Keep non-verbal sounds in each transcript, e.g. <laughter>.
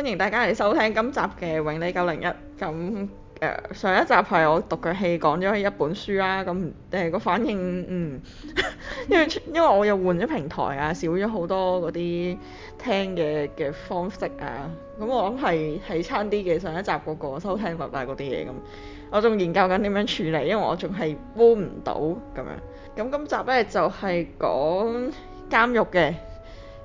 歡迎大家嚟收聽今集嘅永理九零一。咁誒上一集係我讀嘅戲，講咗一本書啦。咁誒個反應，嗯，因為因為我又換咗平台啊，少咗好多嗰啲聽嘅嘅方式啊。咁我諗係係差啲嘅上一集嗰個收聽嗰啲嘢咁。我仲研究緊點樣處理，因為我仲係搬唔到咁樣。咁今集咧就係講監獄嘅。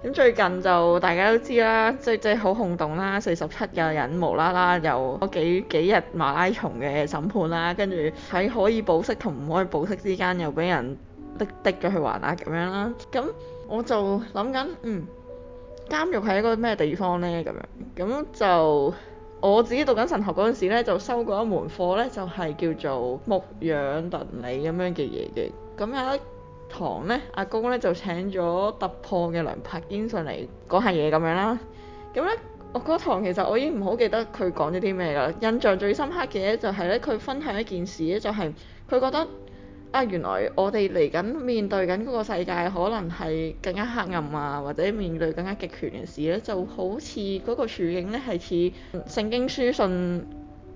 咁最近就大家都知啦，即係即係好轟動啦，四十七個人無啦啦又嗰幾幾日馬拉松嘅審判啦，跟住喺可以保釋同唔可以保釋之間又俾人滴滴咗去還押咁樣啦。咁我就諗緊，嗯，監獄係一個咩地方呢？咁樣咁就我自己讀緊神學嗰陣時呢，就收過一門課呢，就係叫做牧養倫理咁樣嘅嘢嘅。咁有堂咧，阿公咧就請咗突破嘅梁柏堅上嚟講下嘢咁樣啦。咁咧，我嗰堂其實我已經唔好記得佢講咗啲咩啦。印象最深刻嘅咧就係咧，佢分享一件事咧，就係佢覺得啊，原來我哋嚟緊面對緊嗰個世界，可能係更加黑暗啊，或者面對更加極權嘅事咧，就好似嗰個處境咧，係似聖經書信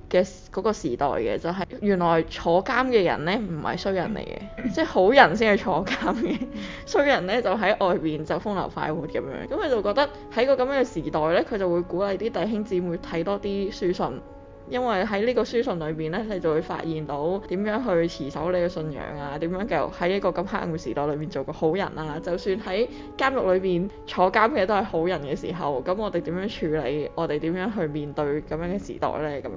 嘅嗰個時代嘅就係、是、原來坐監嘅人咧唔係衰人嚟嘅，即係好人先係坐監嘅，衰人咧就喺外邊就風流快活咁樣。咁佢就覺得喺個咁樣嘅時代咧，佢就會鼓勵啲弟兄姊妹睇多啲書信。因為喺呢個書信裏邊咧，你就會發現到點樣去持守你嘅信仰啊？點樣喺一個咁黑暗嘅時代裏面做個好人啊？就算喺監獄裏邊坐監嘅都係好人嘅時候，咁我哋點樣處理？我哋點樣去面對咁樣嘅時代呢？咁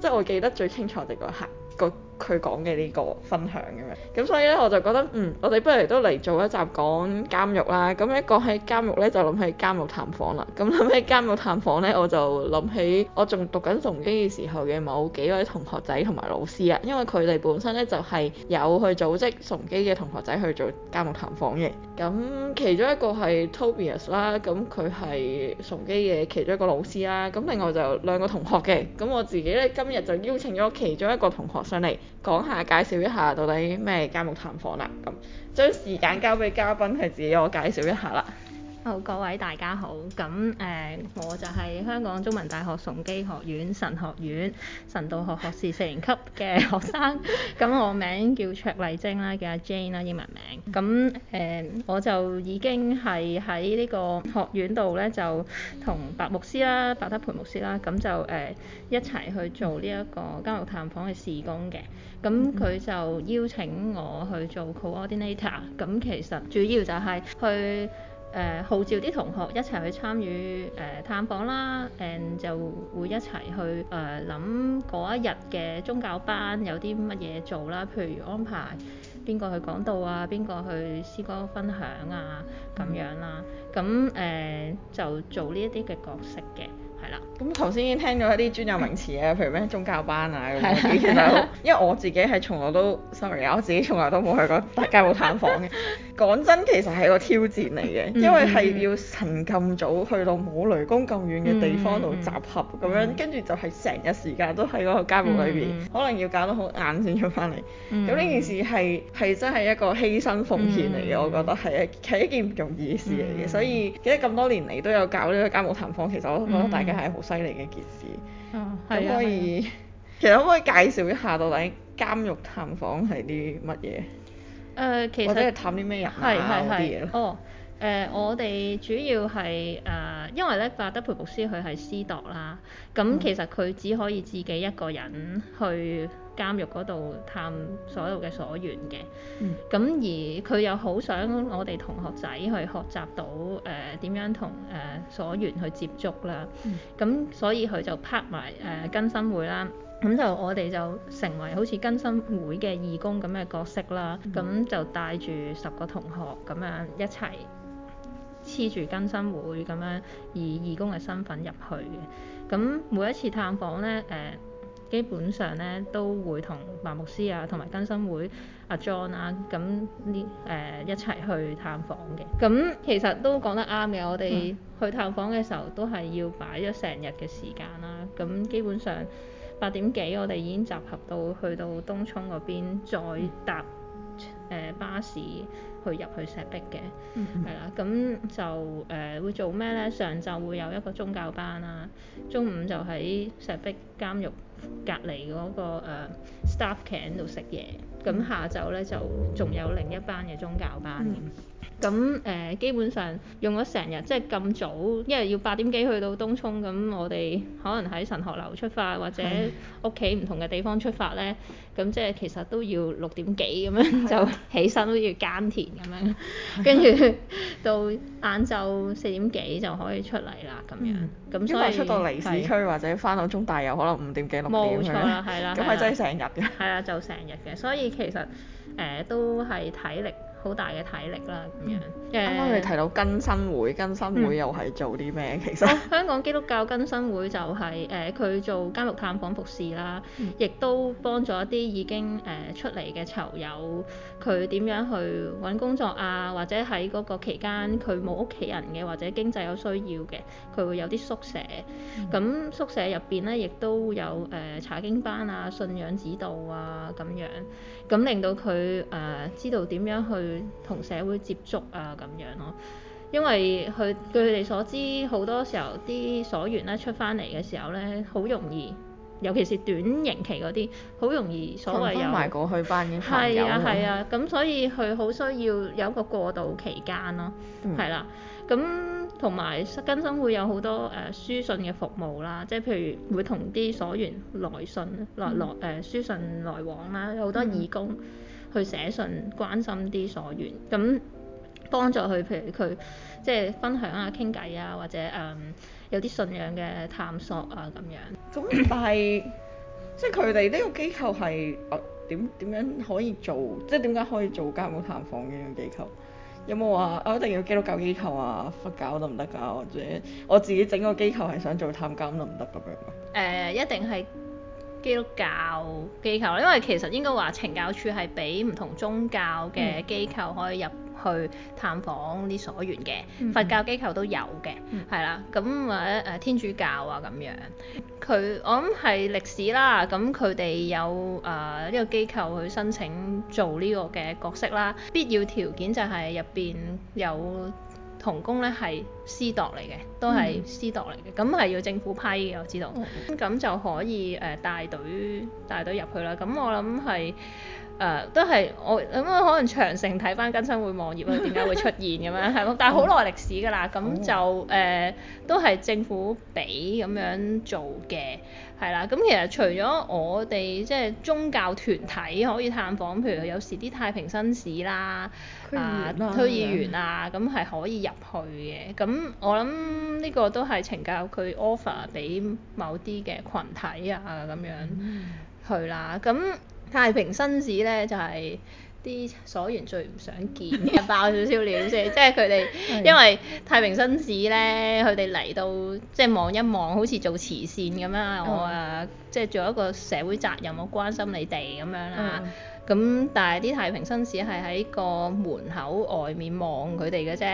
即係我記得最清楚嘅個刻個。佢講嘅呢個分享咁樣，咁所以咧我就覺得，嗯，我哋不如都嚟做一集講監獄啦。咁一講起監獄咧，就諗起監獄探訪啦。咁諗起監獄探訪咧，我就諗起我仲讀緊崇基嘅時候嘅某幾位同學仔同埋老師啊。因為佢哋本身咧就係有去組織崇基嘅同學仔去做監獄探訪嘅。咁其中一個係 Tobias 啦，咁佢係崇基嘅其中一個老師啦。咁另外就兩個同學嘅。咁我自己咧今日就邀請咗其中一個同學上嚟。講下介紹一下到底咩係監獄探訪啦，咁將時間交俾嘉賓，係自己我介紹一下啦。好各位大家好，咁誒、呃，我就係香港中文大學崇基學院神學院神道學學士四年級嘅學生，咁 <laughs> 我名叫卓麗晶啦，叫阿 Jane 啦，英文名。咁誒、呃，我就已經係喺呢個學院度咧，就同白牧師啦、白德培牧師啦，咁就誒、呃、一齊去做呢一個監獄探訪嘅事工嘅。咁佢就邀請我去做 Coordinator，咁其實主要就係去。誒、呃、號召啲同學一齊去參與誒、呃、探訪啦，誒就會一齊去誒諗嗰一日嘅宗教班有啲乜嘢做啦，譬如安排邊個去講道啊，邊個去詩歌分享啊咁樣啦，咁誒、嗯呃、就做呢一啲嘅角色嘅。咁頭先已經聽咗一啲專有名詞咧、啊，譬如咩宗教班啊咁樣，就因為我自己係從來都 <laughs> ，sorry 啊，我自己從來都冇去過家務探訪嘅。講真，其實係一個挑戰嚟嘅，因為係要晨咁早去到冇雷公咁遠嘅地方度集合，咁樣跟住就係成日時間都喺嗰個家務裏邊， <music> 可能要搞到好晏先出翻嚟。咁呢 <music> 件事係係真係一個犧牲奉獻嚟嘅，我覺得係啊，係一件唔容易嘅事嚟嘅。所以記得咁多年嚟都有搞呢個家務探訪，其實我都覺得大家，係好犀利嘅件事，咁所、哦啊、以、啊啊、其實可唔可以介紹一下到底監獄探訪係啲乜嘢？誒、呃，其實或者探啲咩人啊？嗰啲、呃、哦，誒、呃，我哋主要係誒、呃，因為咧，法德培牧師佢係私度啦，咁其實佢只可以自己一個人去。嗯監獄嗰度探所有嘅所員嘅，咁、嗯、而佢又好想我哋同學仔去學習到誒點、呃、樣同誒、呃、所員去接觸啦，咁、嗯、所以佢就拍埋誒、呃、更新會啦，咁就我哋就成為好似更新會嘅義工咁嘅角色啦，咁、嗯、就帶住十個同學咁樣一齊黐住更新會咁樣以義工嘅身份入去嘅，咁每一次探訪咧誒。呃基本上咧都會同馬牧師啊，同埋更新會阿、啊、John 啦、啊，咁呢誒一齊去探訪嘅。咁其實都講得啱嘅，我哋去探訪嘅時候都係要擺咗成日嘅時間啦。咁基本上八點幾我哋已經集合到，去到東涌嗰邊，再搭、呃、巴士去入去石壁嘅，係啦。 <laughs> 咁就誒、呃、會做咩呢？上晝會有一個宗教班啊，中午就喺石壁監獄。隔離嗰、那個誒、uh, staff 喺度食嘢。咁下晝咧就仲有另一班嘅宗教班。咁誒基本上用咗成日，即係咁早，因為要八點幾去到東湧，咁我哋可能喺神學樓出發，或者屋企唔同嘅地方出發咧，咁即係其實都要六點幾咁樣就起身都要耕田咁樣，跟住到晏晝四點幾就可以出嚟啦咁樣。咁所以出到離市區或者翻到中大有可能五點幾六點去咧。冇錯，係啦。咁係真係成日嘅。係啦，就成日嘅，所以。其實，誒、呃、都係體力。好大嘅體力啦，咁樣。誒，啱啱你提到更新會，嗯、更新會又係做啲咩？嗯、其實香港基督教更新會就係、是、誒，佢、呃、做監獄探訪服侍啦，亦、嗯、都幫助一啲已經誒、呃、出嚟嘅囚友，佢點樣去揾工作啊？或者喺嗰個期間佢冇屋企人嘅，或者經濟有需要嘅，佢會有啲宿舍。咁、嗯、宿舍入邊咧，亦都有誒、呃、查經班啊、信仰指導啊咁樣，咁令到佢誒、呃、知道點樣去，同社會接觸啊咁樣咯，因為佢據佢哋所知，好多時候啲所員咧出翻嚟嘅時候咧，好容易，尤其是短刑期嗰啲，好容易所謂又，埋過去班嘅朋友係啊，係啊，咁、啊啊、所以佢好需要有一個過渡期間咯、啊，係啦、嗯，咁同埋更新會有好多誒、呃、書信嘅服務啦，即係譬如會同啲所員來信、嗯、來來誒、呃、書信來往啦，好多義工。去寫信關心啲所願，咁幫助佢，譬如佢即係分享下傾偈啊，或者誒、呃、有啲信仰嘅探索啊咁樣。咁但係即係佢哋呢個機構係點點樣可以做？即係點解可以做監獄探訪嘅機構？有冇話我一定要基督教機構啊？佛教得唔得㗎？或者我自己整個機構係想做探監得唔得咁樣啊？誒、呃，一定係基督教機構因為其實應該話，懲教署係俾唔同宗教嘅機構可以入去探訪啲所院嘅，嗯嗯、佛教機構都有嘅，係啦、嗯，咁或者誒天主教啊咁樣，佢我諗係歷史啦，咁佢哋有誒呢、呃呢個機構去申請做呢個嘅角色啦，必要條件就係入邊有。同工咧係私度嚟嘅，都係私度嚟嘅，咁係、嗯、要政府批嘅，我知道，咁、嗯、就可以誒帶隊帶隊入去啦，咁我諗係。誒、uh, 都係我咁啊、嗯，可能長城睇翻更新會網頁啦，點解會出現咁樣係咯？但係好耐歷史㗎啦，咁就誒、呃、都係政府俾咁樣做嘅，係啦、嗯。咁、嗯、其實除咗我哋即係宗教團體可以探訪，譬如有時啲太平紳士啦啊，啊推議員啊，咁係的可以入去嘅。咁我諗呢個都係懲教佢 offer 俾某啲嘅群體啊咁樣去啦。咁太平紳士咧就係、是、啲所員最唔想見嘅， <laughs> 爆少少料先， <laughs> 即係佢哋因為太平紳士咧，佢哋嚟到即係望一望，好似做慈善咁樣、嗯、我啊即係做一個社會責任，我關心你哋咁樣啦。咁、嗯、但係啲太平紳士係喺個門口外面望佢哋嘅啫，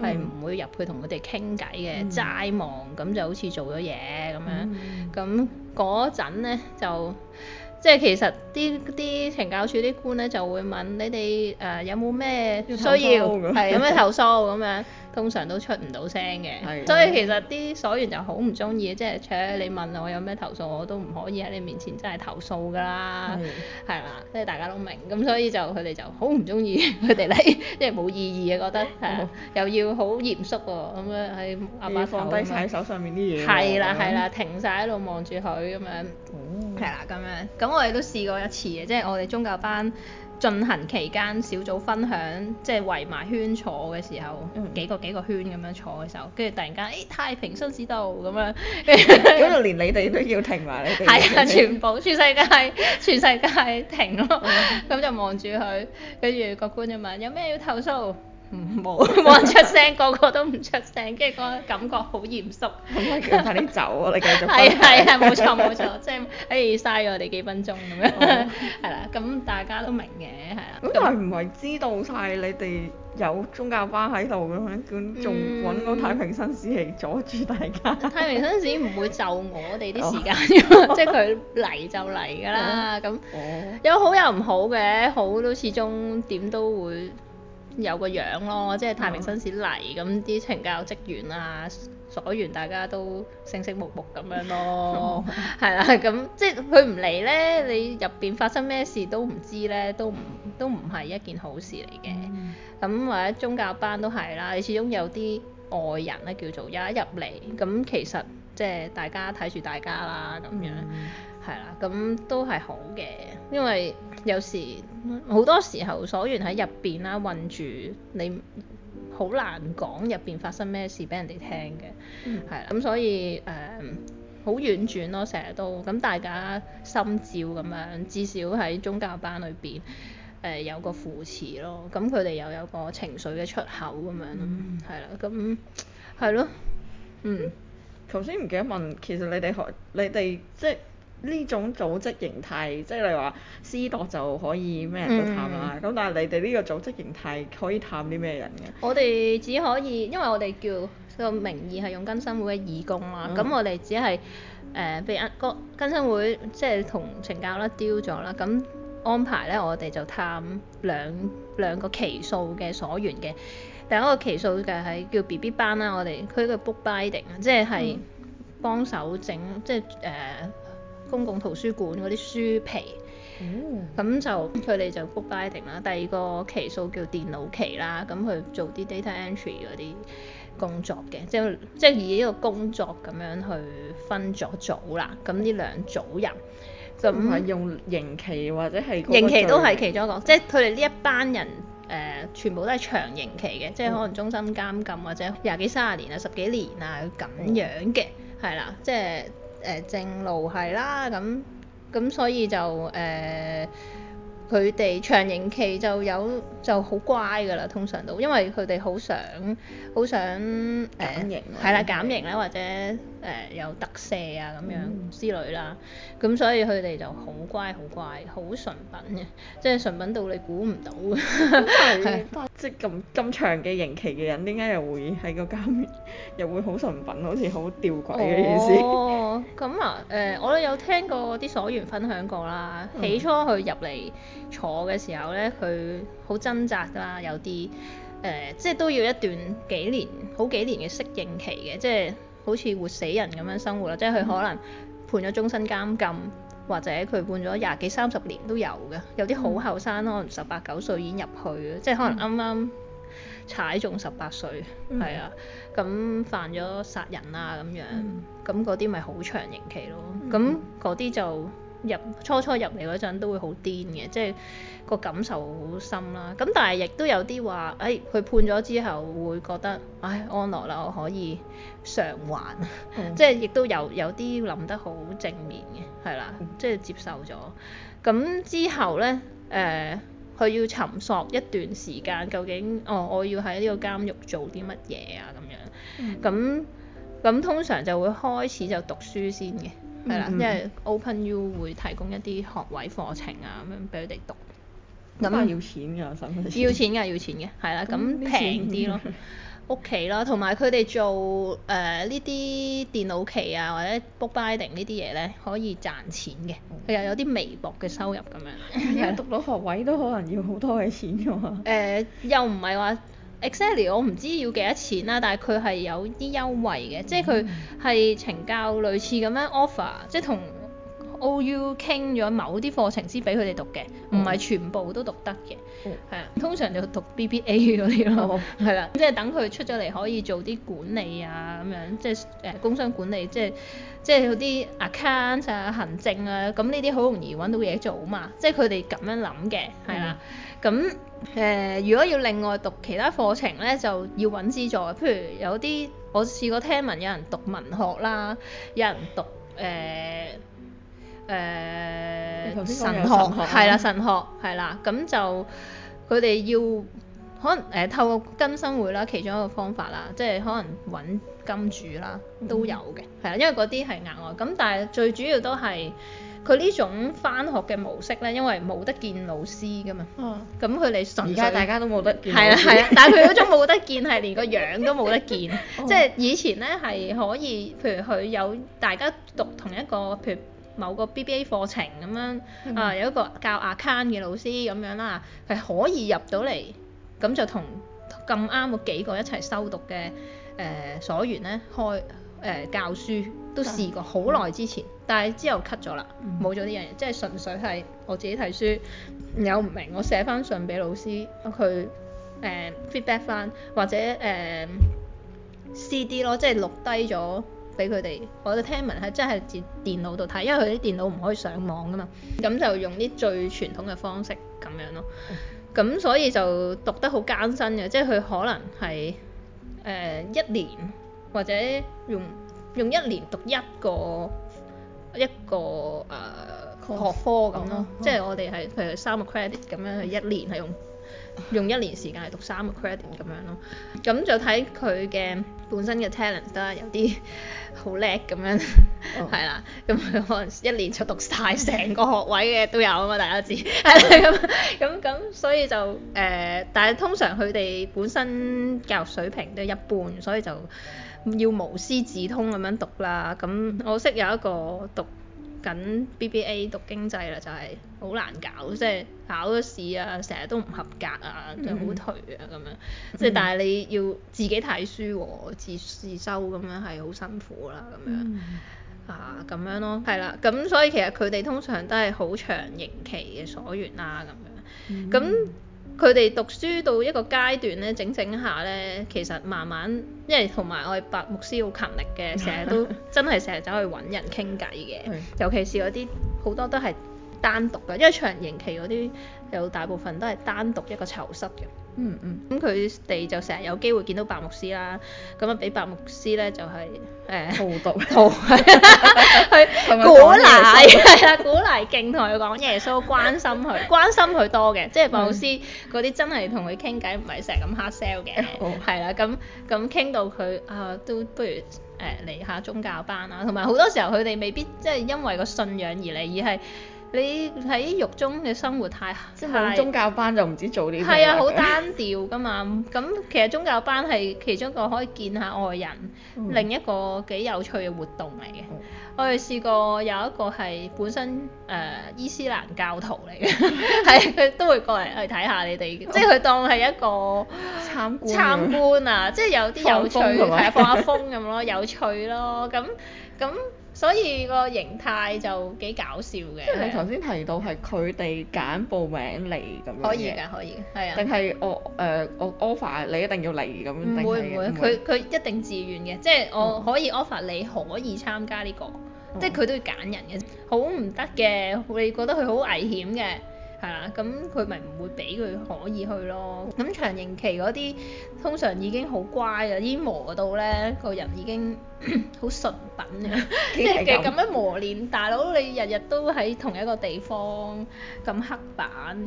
係唔、嗯、會入去同佢哋傾偈嘅，齋、嗯、望咁就好似做咗嘢咁樣。咁嗰陣咧就。即係其實啲啲懲教處啲官咧就會問你哋誒有冇咩需要，係有咩投訴咁樣，通常都出唔到聲嘅。係，所以其實啲所員就好唔中意，即係 check 你問我有咩投訴，我都唔可以喺你面前真係投訴㗎啦，係啦，即係大家都明，咁所以就佢哋就好唔中意佢哋嚟，即係冇意義嘅，覺得係又要好嚴肅喎，咁樣喺阿爸放低晒手上面啲嘢，係啦係啦，停晒喺度望住佢咁樣。係啦，咁、嗯、樣，咁我哋都試過一次嘅，即係我哋宗教班進行期間小組分享，即係圍埋圈坐嘅時候，嗯、幾個幾個圈咁樣坐嘅時候，跟住突然間，誒、欸、太平紳士道咁樣，嗰度 <laughs> 連你哋都要停埋，你哋係啊，全部全世界全世界停咯，咁、嗯、 <laughs> 就望住佢，跟住個官就問：有咩要投訴？冇冇人出聲， <laughs> 個個都唔出聲，跟住嗰個感覺好嚴肅。咁咪叫快啲走咯！你繼續講。係係係，冇錯冇錯，即係誒嘥咗我哋幾分鐘咁樣，係 <laughs> 啦、 <laughs> 啊。咁大家都明嘅，係啦、啊。咁但係唔係知道晒你哋有宗教班喺度嘅咩？咁仲揾個太平紳士嚟阻住大家？ <laughs> 太平紳士唔會就我哋啲時間啫嘛，即係佢嚟就嚟㗎啦。咁有 <laughs> <laughs> 好有唔好嘅，好都始終點都會。有個樣咯，即係太平紳士嚟咁啲懲教職員啊，所願大家都星星目目咁樣咯，係啦， <laughs> <laughs> 咁即係佢唔嚟呢，你入邊發生咩事都唔知呢，都唔都唔係一件好事嚟嘅。咁、嗯、或者宗教班都係啦，你始終有啲外人咧叫做一入嚟，咁其實即係大家睇住大家啦咁樣，係啦、嗯，咁都係好嘅，因為，有時好多時候鎖完喺入邊啦，困住你，好難講入邊發生咩事俾人哋聽嘅，係啦、嗯。咁所以誒，好、呃、婉轉咯，成日都咁大家心照咁樣，至少喺宗教班裏邊誒有個扶持咯。咁佢哋又有個情緒嘅出口咁樣咯，係啦、嗯。咁係咯，嗯。頭先唔記得問，其實你哋學你哋即係。呢種組織形態，即係你話私舵就可以咩人都探啦。咁、嗯、但係你哋呢個組織形態可以探啲咩人嘅？我哋只可以，因為我哋叫個名義係用更新會嘅義工啦。咁、嗯、我哋只係誒、呃、被壓個更新會即係同懲教啦丟咗啦。咁安排咧，我哋就探兩兩個期數嘅所員嘅。第一個期數嘅係叫 B B 班啦，我哋佢個 book binding，即係係幫手整，嗯、即係誒。呃公共圖書館嗰啲書皮，咁、嗯、就佢哋就 bookbinding 啦。第二個期數叫電腦期啦，咁去做啲 data entry 嗰啲工作嘅，即係即係以呢個工作咁樣去分咗組啦。咁呢兩組人就唔係用刑期或者係刑期都係其中一個，即係佢哋呢一班人誒、呃、全部都係長刑期嘅，即、就、係、是、可能終身監禁、嗯、或者廿幾三十年，十年啊、十幾年啊咁樣嘅，係啦、嗯，即係。就是誒、呃、正路係啦，咁咁、啊、所以就誒，佢、呃、哋長刑期就有就好乖噶啦，通常都因為佢哋好想好想誒、呃、減刑，係啦減刑啦，或者。誒、呃、有特赦啊咁樣、嗯、之類啦，咁所以佢哋就好乖好乖，好純品嘅，即係純品到你估唔到。嗯、 <laughs> 是即係咁咁長嘅刑期嘅人，點解又會喺個監面，又會好純品，好似好吊詭嘅意思？事、哦？咁啊，誒、呃、我都有聽過啲所員分享過啦。嗯、起初佢入嚟坐嘅時候咧，佢好掙扎㗎，有啲誒、呃，即係都要一段幾年、好幾年嘅適應期嘅，即係。好似活死人咁樣生活啦，即係佢可能判咗終身監禁，嗯、或者佢判咗廿幾三十年都有嘅。有啲好後生可能十八九歲已經入去，即係可能啱啱踩中十八歲，係、嗯、啊，咁犯咗殺人啊咁樣，咁嗰啲咪好長刑期咯。咁嗰啲就～入初初入嚟嗰陣都會好癲嘅，即係個感受好深啦。咁但係亦都有啲話，誒佢判咗之後會覺得，唉，安樂啦，我可以償還，嗯、即係亦都有有啲諗得好正面嘅，係啦，嗯、即係接受咗。咁之後咧，誒、呃、佢要尋索一段時間，究竟哦，我要喺呢個監獄做啲乜嘢啊咁樣。咁咁、嗯、通常就會開始就讀書先嘅。係啦，因為 Open U 會提供一啲學位課程啊，咁樣俾佢哋讀。咁啊、嗯那，要錢㗎，首先。要錢㗎，要錢嘅，係啦，咁平啲咯，屋企 <laughs> 咯，同埋佢哋做誒呢啲電腦棋啊，或者 bookbinding 呢啲嘢咧，可以賺錢嘅，佢又有啲微薄嘅收入咁樣。又 <laughs> 讀到學位都可能要好多嘅錢㗎嘛、 <laughs> 呃。又唔係話。Excel 我唔知要幾多錢啦，但係佢係有啲優惠嘅，嗯、即係佢係懲教類似咁樣 offer，即係同 OU 傾咗某啲課程先俾佢哋讀嘅，唔係、嗯、全部都讀得嘅，係啊、嗯，通常就讀 BBA 嗰啲咯，係啦、嗯， <laughs> <laughs> 即係等佢出咗嚟可以做啲管理啊咁樣，即係誒工商管理，即係即係啲 account 啊行政啊，咁呢啲好容易揾到嘢做啊嘛，即係佢哋咁樣諗嘅，係啦、嗯。咁誒、呃，如果要另外讀其他課程咧，就要揾資助。譬如有啲我試過聽聞有人讀文學啦，有人讀誒誒、呃呃、神學，係啦神學，係啦。咁就佢哋要可能誒、呃、透過更新會啦，其中一個方法啦，即係可能揾金主啦，都有嘅。係、嗯、啦，因為嗰啲係額外。咁但係最主要都係。佢呢種返學嘅模式咧，因為冇得見老師㗎嘛，咁佢哋瞬街大家都冇得見，係啊係啊，但係佢嗰種冇得見係連個樣都冇得見，哦、即係以前咧係可以，譬如佢有大家讀同一個譬如某個 BBA 課程咁樣啊、嗯呃，有一個教 account 嘅老師咁樣啦，係可以入到嚟，咁就同咁啱個幾個一齊修讀嘅誒、呃、所員咧開。誒、呃、教書都試過好耐之前，嗯、但係之後 cut 咗啦，冇咗呢樣嘢，即係純粹係我自己睇書，有唔明我寫翻信俾老師，佢誒、呃、feedback 翻或者誒、呃、CD 咯，即係錄低咗俾佢哋。我哋聽聞係真係喺電腦度睇，因為佢啲電腦唔可以上網噶嘛，咁就用啲最傳統嘅方式咁樣咯。咁、嗯、所以就讀得好艱辛嘅，即係佢可能係誒、呃、一年。或者用用一年讀一個一個誒、呃、學科咁咯，哦、即係我哋係譬如三個 credit 咁樣，係一年係用、哦、用一年時間係讀三個 credit 咁樣咯。咁就睇佢嘅本身嘅 talent 啦，有啲好叻咁樣係啦，咁佢、 <laughs> 嗯、 <laughs> 可能一年就讀晒成個學位嘅都有啊嘛，大家知係啦。咁咁咁，所以就誒，但係通常佢哋本身教育水平都一般，所以就。 <laughs> 要無師自通咁樣讀啦，咁我識有一個讀緊 BBA 讀經濟啦，就係、是、好難搞，嗯、即係考咗試啊，成日都唔合格啊，就、嗯、好頹啊咁樣，嗯、即係但係你要自己睇書、啊、自自修咁樣係好辛苦啦、啊、咁樣、嗯、啊咁樣咯，係啦，咁所以其實佢哋通常都係好長刑期嘅所願啦咁樣，咁、嗯。嗯。佢哋讀書到一個階段咧，整整下咧，其實慢慢，因為同埋我哋白牧師好勤力嘅，成日都真係成日走去搵人傾偈嘅， <laughs> 尤其是嗰啲好多都係單獨嘅，因為長刑期嗰啲有大部分都係單獨一個囚室嘅。嗯嗯，咁佢哋就成日有機會見到白牧師啦，咁啊，俾白牧師咧就係誒荼毒、荼毒係去鼓勵係啦，鼓勵勁同佢講耶穌賴 <laughs> 關心佢， <laughs> 關心佢多嘅，即係白牧師嗰啲真係同佢傾偈，唔係成日咁 hard sell 嘅，係啦、嗯，咁咁傾到佢啊，都不如誒嚟、呃、下宗教班啊，同埋好多時候佢哋未必即係、就是、因為個信仰而嚟，而係。你喺獄中嘅生活太即係宗教班就唔知做啲咩係啊，好單調㗎嘛。咁其實宗教班係其中一個可以見下外人，嗯、另一個幾有趣嘅活動嚟嘅。哦、我哋試過有一個係本身誒、呃、伊斯蘭教徒嚟嘅，係 <laughs> 佢 <laughs> <laughs> <laughs> 都會過嚟去睇下你哋，哦、即係佢當係一個參觀參觀啊！即係有啲有趣，係放， <laughs> 放下風咁咯，有趣咯。咁咁。所以個形態就幾搞笑嘅。即係、嗯、你頭先提到係佢哋揀報名嚟咁樣可以㗎，可以。係啊。定係我誒、呃、我 offer 你一定要嚟咁樣。定會唔會，佢佢一定自願嘅，即係我可以 offer 你可以參加呢個，嗯、即係佢都要揀人嘅，好唔得嘅，會、嗯、覺得佢好危險嘅。係啦，咁佢咪唔會俾佢可以去咯。咁長刑期嗰啲通常已經好乖啊，已經磨到咧個人已經好純品啊。即係其實咁樣磨練大佬，你日日都喺同一個地方咁刻板，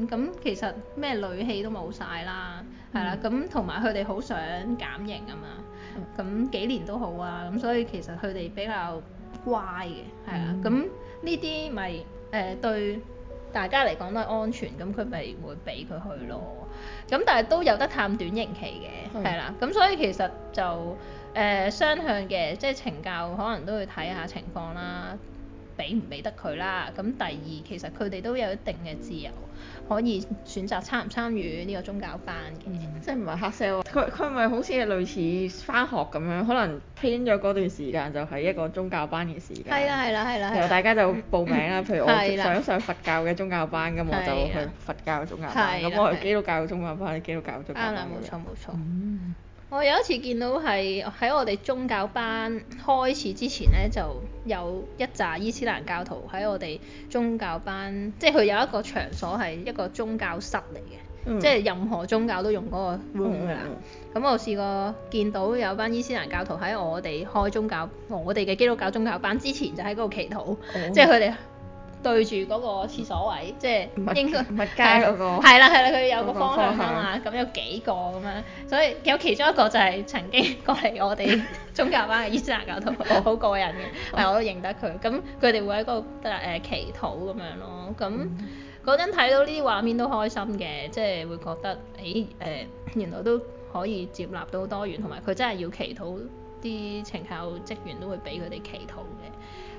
咁其實咩戾氣都冇晒啦。係啦、嗯，咁同埋佢哋好想減刑啊嘛。咁、嗯嗯嗯、幾年都好啊，咁所以其實佢哋比較乖嘅，係啦。咁呢啲咪誒對？對對對大家嚟講都係安全，咁佢咪會俾佢去咯。咁但係都有得探短刑期嘅，係啦、嗯。咁所以其實就誒雙、呃、向嘅，即係懲教可能都要睇下情況啦，俾唔俾得佢啦。咁第二其實佢哋都有一定嘅自由。嗯可以選擇參唔參與呢個宗教班嘅，即係唔係黑 sell 佢，佢咪好似類似翻學咁樣，可能編咗嗰段時間就係一個宗教班嘅時間。係啦係啦係啦。然、嗯、後、嗯、大家就報名啦。譬、嗯、如我想上，上佛教嘅宗教班咁，嗯嗯、我就去佛教宗教班。咁、嗯、我，去，的我去基督教宗教班，基督教嘅宗教班啦，冇錯冇錯。我有一次見到係喺我哋宗教班開始之前呢，就有一紮伊斯蘭教徒喺我哋宗教班，即係佢有一個場所係一個宗教室嚟嘅，嗯、即係任何宗教都用嗰個 room 㗎啦。咁、嗯嗯嗯、我試過見到有班伊斯蘭教徒喺我哋開宗教，我哋嘅基督教宗教班之前就喺嗰度祈禱，哦、即係佢哋。對住嗰個廁所位，即係英街嗰個。係啦係啦，佢、啊啊啊、有個方向啊嘛，咁有幾個咁樣，所以有其中一個就係曾經過嚟我哋宗教班嘅伊斯蘭教徒，好 <laughs> <laughs> 過癮嘅，係、 <laughs> 啊、我都認得佢。咁佢哋會喺嗰個誒祈禱咁樣咯。咁嗰陣睇到呢啲畫面都開心嘅，即係會覺得誒誒、欸呃，原來都可以接納到多元，同埋佢真係要祈禱，啲懲教職員都會俾佢哋祈禱嘅。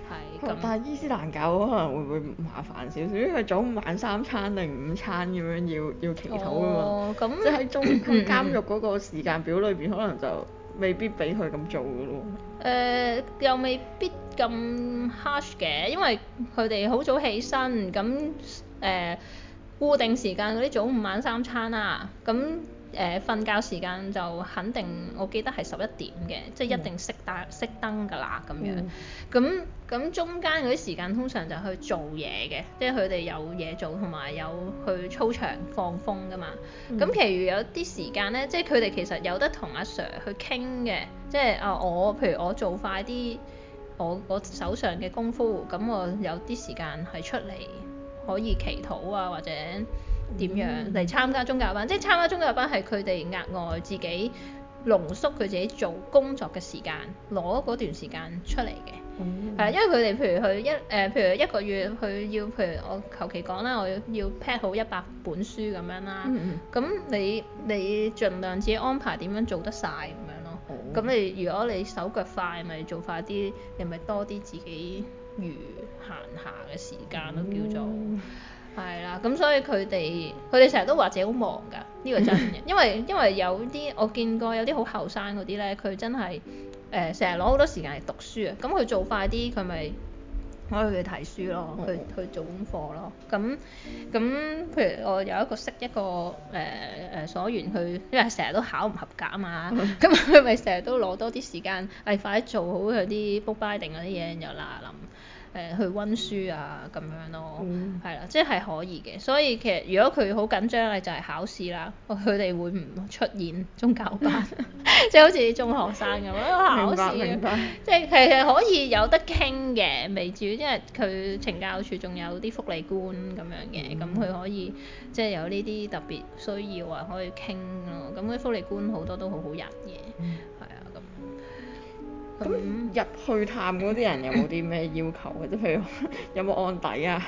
係，嗯、但係伊斯蘭教可能會唔會麻煩少少，因為早午晚三餐定五餐咁樣要要祈禱啊嘛。咁、哦嗯、即係喺監獄嗰個時間表裏邊，可能就未必俾佢咁做嘅咯。誒、嗯呃，又未必咁 harsh 嘅，因為佢哋好早起身，咁誒、呃、固定時間嗰啲早午晚三餐啊。咁。誒瞓、呃、覺時間就肯定，我記得係十一點嘅，嗯、即係一定熄燈熄燈㗎啦咁樣。咁咁、嗯、中間嗰啲時間通常就去做嘢嘅，即係佢哋有嘢做同埋有去操場放風㗎嘛。咁其、嗯、餘有啲時間咧，即係佢哋其實有得同阿 Sir 去傾嘅，即係啊我譬如我做快啲，我我手上嘅功夫，咁我有啲時間係出嚟可以祈禱啊或者。點、嗯、樣嚟參加宗教班？即係參加宗教班係佢哋額外自己濃縮佢自己做工作嘅時間，攞嗰段時間出嚟嘅。係、嗯啊、因為佢哋譬如佢一誒、呃，譬如一個月佢要譬如我求其講啦，我要要 pack 好一百本書咁樣啦。咁、嗯嗯、你你盡量自己安排點樣做得晒咁樣咯。咁、嗯、你如果你手腳快，咪做快啲，你咪多啲自己餘閒暇嘅時間咯，叫做、嗯。嗯係啦，咁所以佢哋佢哋成日都話自己好忙㗎，呢個真嘅。因為因為有啲，我見過有啲好後生嗰啲咧，佢真係誒成日攞好多時間嚟讀書啊。咁佢做快啲，佢咪可以去睇書咯，嗯、去、嗯、去、去做功課咯。咁咁譬如我有一個，識一個誒誒、呃、所員，佢因為成日都考唔合格啊嘛，咁佢咪成日都攞多啲時間係、嗯哎、快啲做好佢啲 book binding 啲嘢，又嗱嗱誒去溫書啊咁樣咯，係啦、嗯，即係、就是、可以嘅。所以其實如果佢好緊張咧，就係、是、考試啦，佢哋會唔出現宗教班，即係 <laughs> <laughs> 好似中學生咁白考試，即係係可以有得傾嘅。未至於，因為佢懲教處仲有啲福利官咁樣嘅，咁佢、嗯、可以即係、就是、有呢啲特別需要啊，可以傾咯。咁啲福利官好多都好好人嘅。嗯。咁入去探嗰啲人有冇啲咩要求嘅？即係譬如有冇案底啊？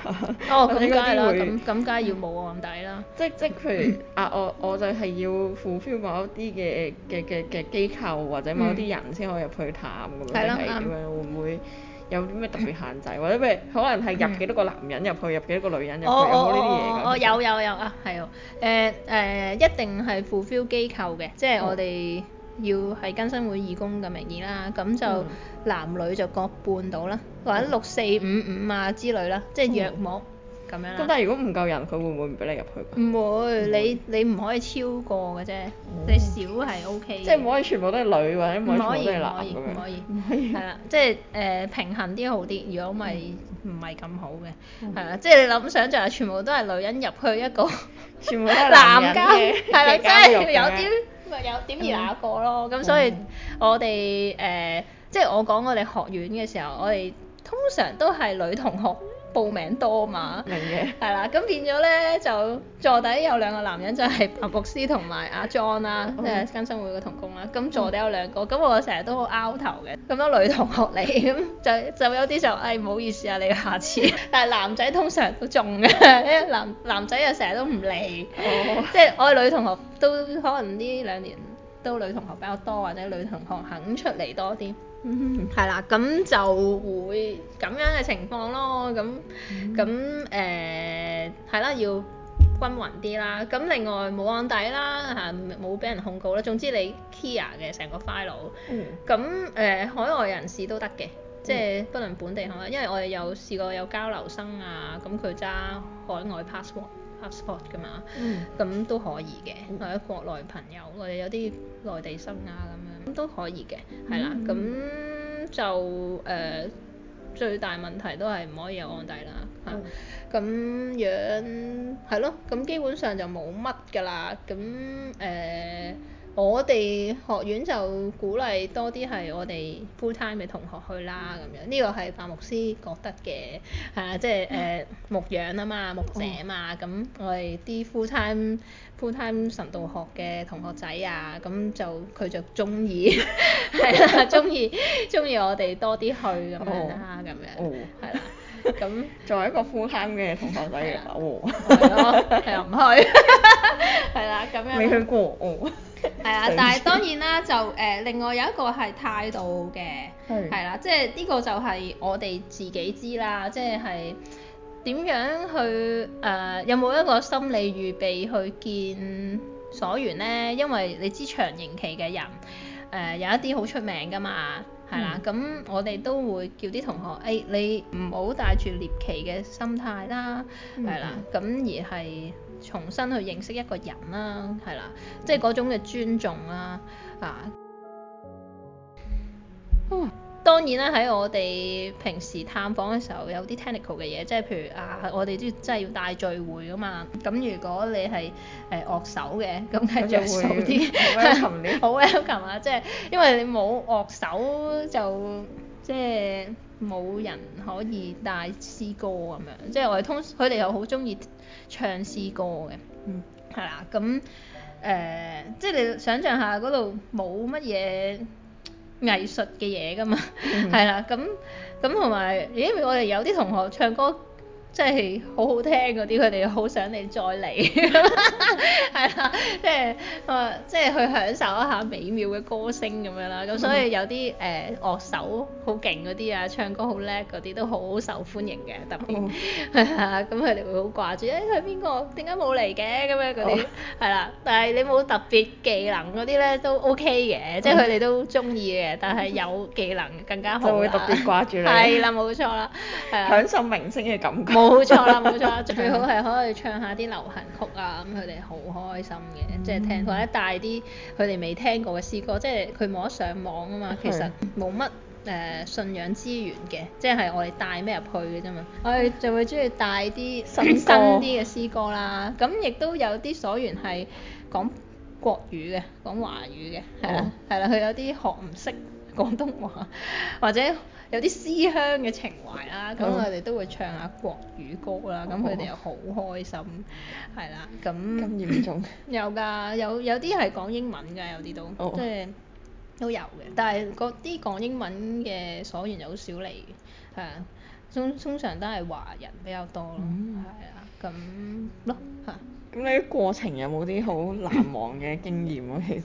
哦，咁梗係啦，咁咁梗係要冇案底啦。即即譬如啊，我我就係要 fulfill 某一啲嘅嘅嘅嘅機構或者某啲人先可以入去探嘅，定係點樣？會唔會有啲咩特別限制？或者咩可能係入幾多個男人入去，入幾多個女人入去，有冇呢啲嘢㗎？哦，有有有啊，係哦，誒誒，一定係 fulfill 機構嘅，即係我哋。要係更新會義工嘅名義啦，咁就男女就各半到啦，或者六四五五啊之類啦，即係約莫咁樣啦。咁但係如果唔夠人，佢會唔會唔俾你入去？唔會，你你唔可以超過嘅啫，你少係 OK。即係唔可以全部都係女，或者唔可以全部都係男咁樣。唔可以，唔可以，唔可以。係啦，即係誒平衡啲好啲，如果咪唔係咁好嘅，係啦，即係你諗想像係全部都係女人入去一個，全部都係男嘅，係啦，即係有啲。有點而那個咯，咁、嗯、所以我哋誒、嗯呃，即係我講我哋學院嘅時候，我哋通常都係女同學。報名多嘛，明嘅的，係啦，咁變咗咧就坐底有兩個男人，就係白博士同埋阿 John 啦，即係更新會嘅同工啦，咁坐 <laughs> 底有兩個，咁我成日都好拗頭嘅，咁多女同學嚟，咁就就有啲就唉，唔好意思啊，你下次，但係男仔通常都中嘅，因為男男仔又成日都唔嚟， <laughs> 哦、即係我女同學都可能呢兩年都女同學比較多，或者女同學肯出嚟多啲。嗯，係啦，咁就會咁樣嘅情況咯。咁咁誒，係啦、嗯呃，要均勻啲啦。咁另外冇案底啦，吓冇俾人控告啦。總之你 clear 嘅成個 file。咁誒、嗯呃，海外人士都得嘅，即係不論本地行啦。因為我哋有試過有交流生啊，咁佢揸海外 passport passport 㗎嘛，咁、嗯、都可以嘅。或者、嗯、國內朋友，我哋、嗯、有啲內地生啊咁樣，咁都可以嘅，係啦、嗯。咁就誒、呃嗯、最大問題都係唔可以有案底啦。嚇，咁樣係咯。咁基本上就冇乜㗎啦。咁誒。呃嗯我哋學院就鼓勵多啲係我哋 full time 嘅同學去啦，咁樣呢個係大牧師覺得嘅，係啊，即係誒、呃、牧養啊嘛，牧者啊嘛，咁、嗯、我哋啲 full time full time 神道學嘅同學仔啊，咁就佢就中意，係啦，中意中意我哋多啲去咁樣啦，咁樣，係啦，咁作為一個 full time 嘅同學仔嚟講，係咯，係唔去，係啦，咁、哦、 <laughs> 樣未去過，哦。係啊， <laughs> 但係當然啦，就誒、呃、另外有一個係態度嘅，係的啦，即係呢個就係我哋自己知啦，即係點樣去誒、呃、有冇一個心理預備去見所緣呢？因為你知長刑期嘅人誒、呃、有一啲好出名㗎嘛，係啦，咁、嗯、我哋都會叫啲同學誒、欸、你唔好帶住獵奇嘅心態啦，係啦，咁、嗯、而係。重新去認識一個人啦，係啦，即係嗰種嘅尊重啦啊。嗯， <laughs> 當然啦，喺我哋平時探訪嘅時候，有啲 technical 嘅嘢，即係譬如啊，我哋都真係要帶聚會㗎嘛。咁如果你係誒、呃、樂手嘅，咁係著數啲。好 welcome 啊，即係因為你冇樂手就。即係冇人可以帶詩歌咁樣，即係我哋通，佢哋又好中意唱詩歌嘅，嗯，係啦，咁誒、呃，即係你想象下嗰度冇乜嘢藝術嘅嘢噶嘛，係啦、嗯，咁咁同埋，咦，我哋有啲同學唱歌。即係好好聽嗰啲，佢哋好想你再嚟，係 <laughs> 啦，即係，即係去享受一下美妙嘅歌聲咁樣啦。咁、嗯、所以有啲誒、呃、樂手好勁嗰啲啊，唱歌好叻嗰啲都好受歡迎嘅，特別係咁佢哋會好掛住，誒佢邊個？點解冇嚟嘅咁樣嗰啲？係啦、哦。但係你冇特別技能嗰啲咧都 OK 嘅，嗯、即係佢哋都中意嘅。但係有技能更加好啦，就會特別掛住你。係啦，冇錯啦。係啊。享受明星嘅感覺。冇錯啦，冇錯啦， <laughs> 最好係可以唱下啲流行曲啊，咁佢哋好開心嘅，嗯、即係聽或者帶啲佢哋未聽過嘅詩歌，即係佢冇得上網啊嘛，是其實冇乜誒信仰資源嘅，即係我哋帶咩入去嘅啫嘛，我哋就會鍾意帶啲新啲嘅歌詩歌啦，咁亦都有啲所緣係講國語嘅，講華語嘅，係、哦、啦，係啦，佢有啲學唔識。廣東話或者有啲思鄉嘅情懷啦，咁我哋都會唱下國語歌啦。咁佢哋又好開心，係啦。咁咁嚴重？有㗎，有有啲係講英文㗎，有啲都、oh. 即係都有嘅。但係嗰啲講英文嘅所言就好少嚟，係啊，通通常都係華人比較多、嗯、咯，係啊，咁咯嚇。咁你過程有冇啲好難忘嘅經驗啊？其實，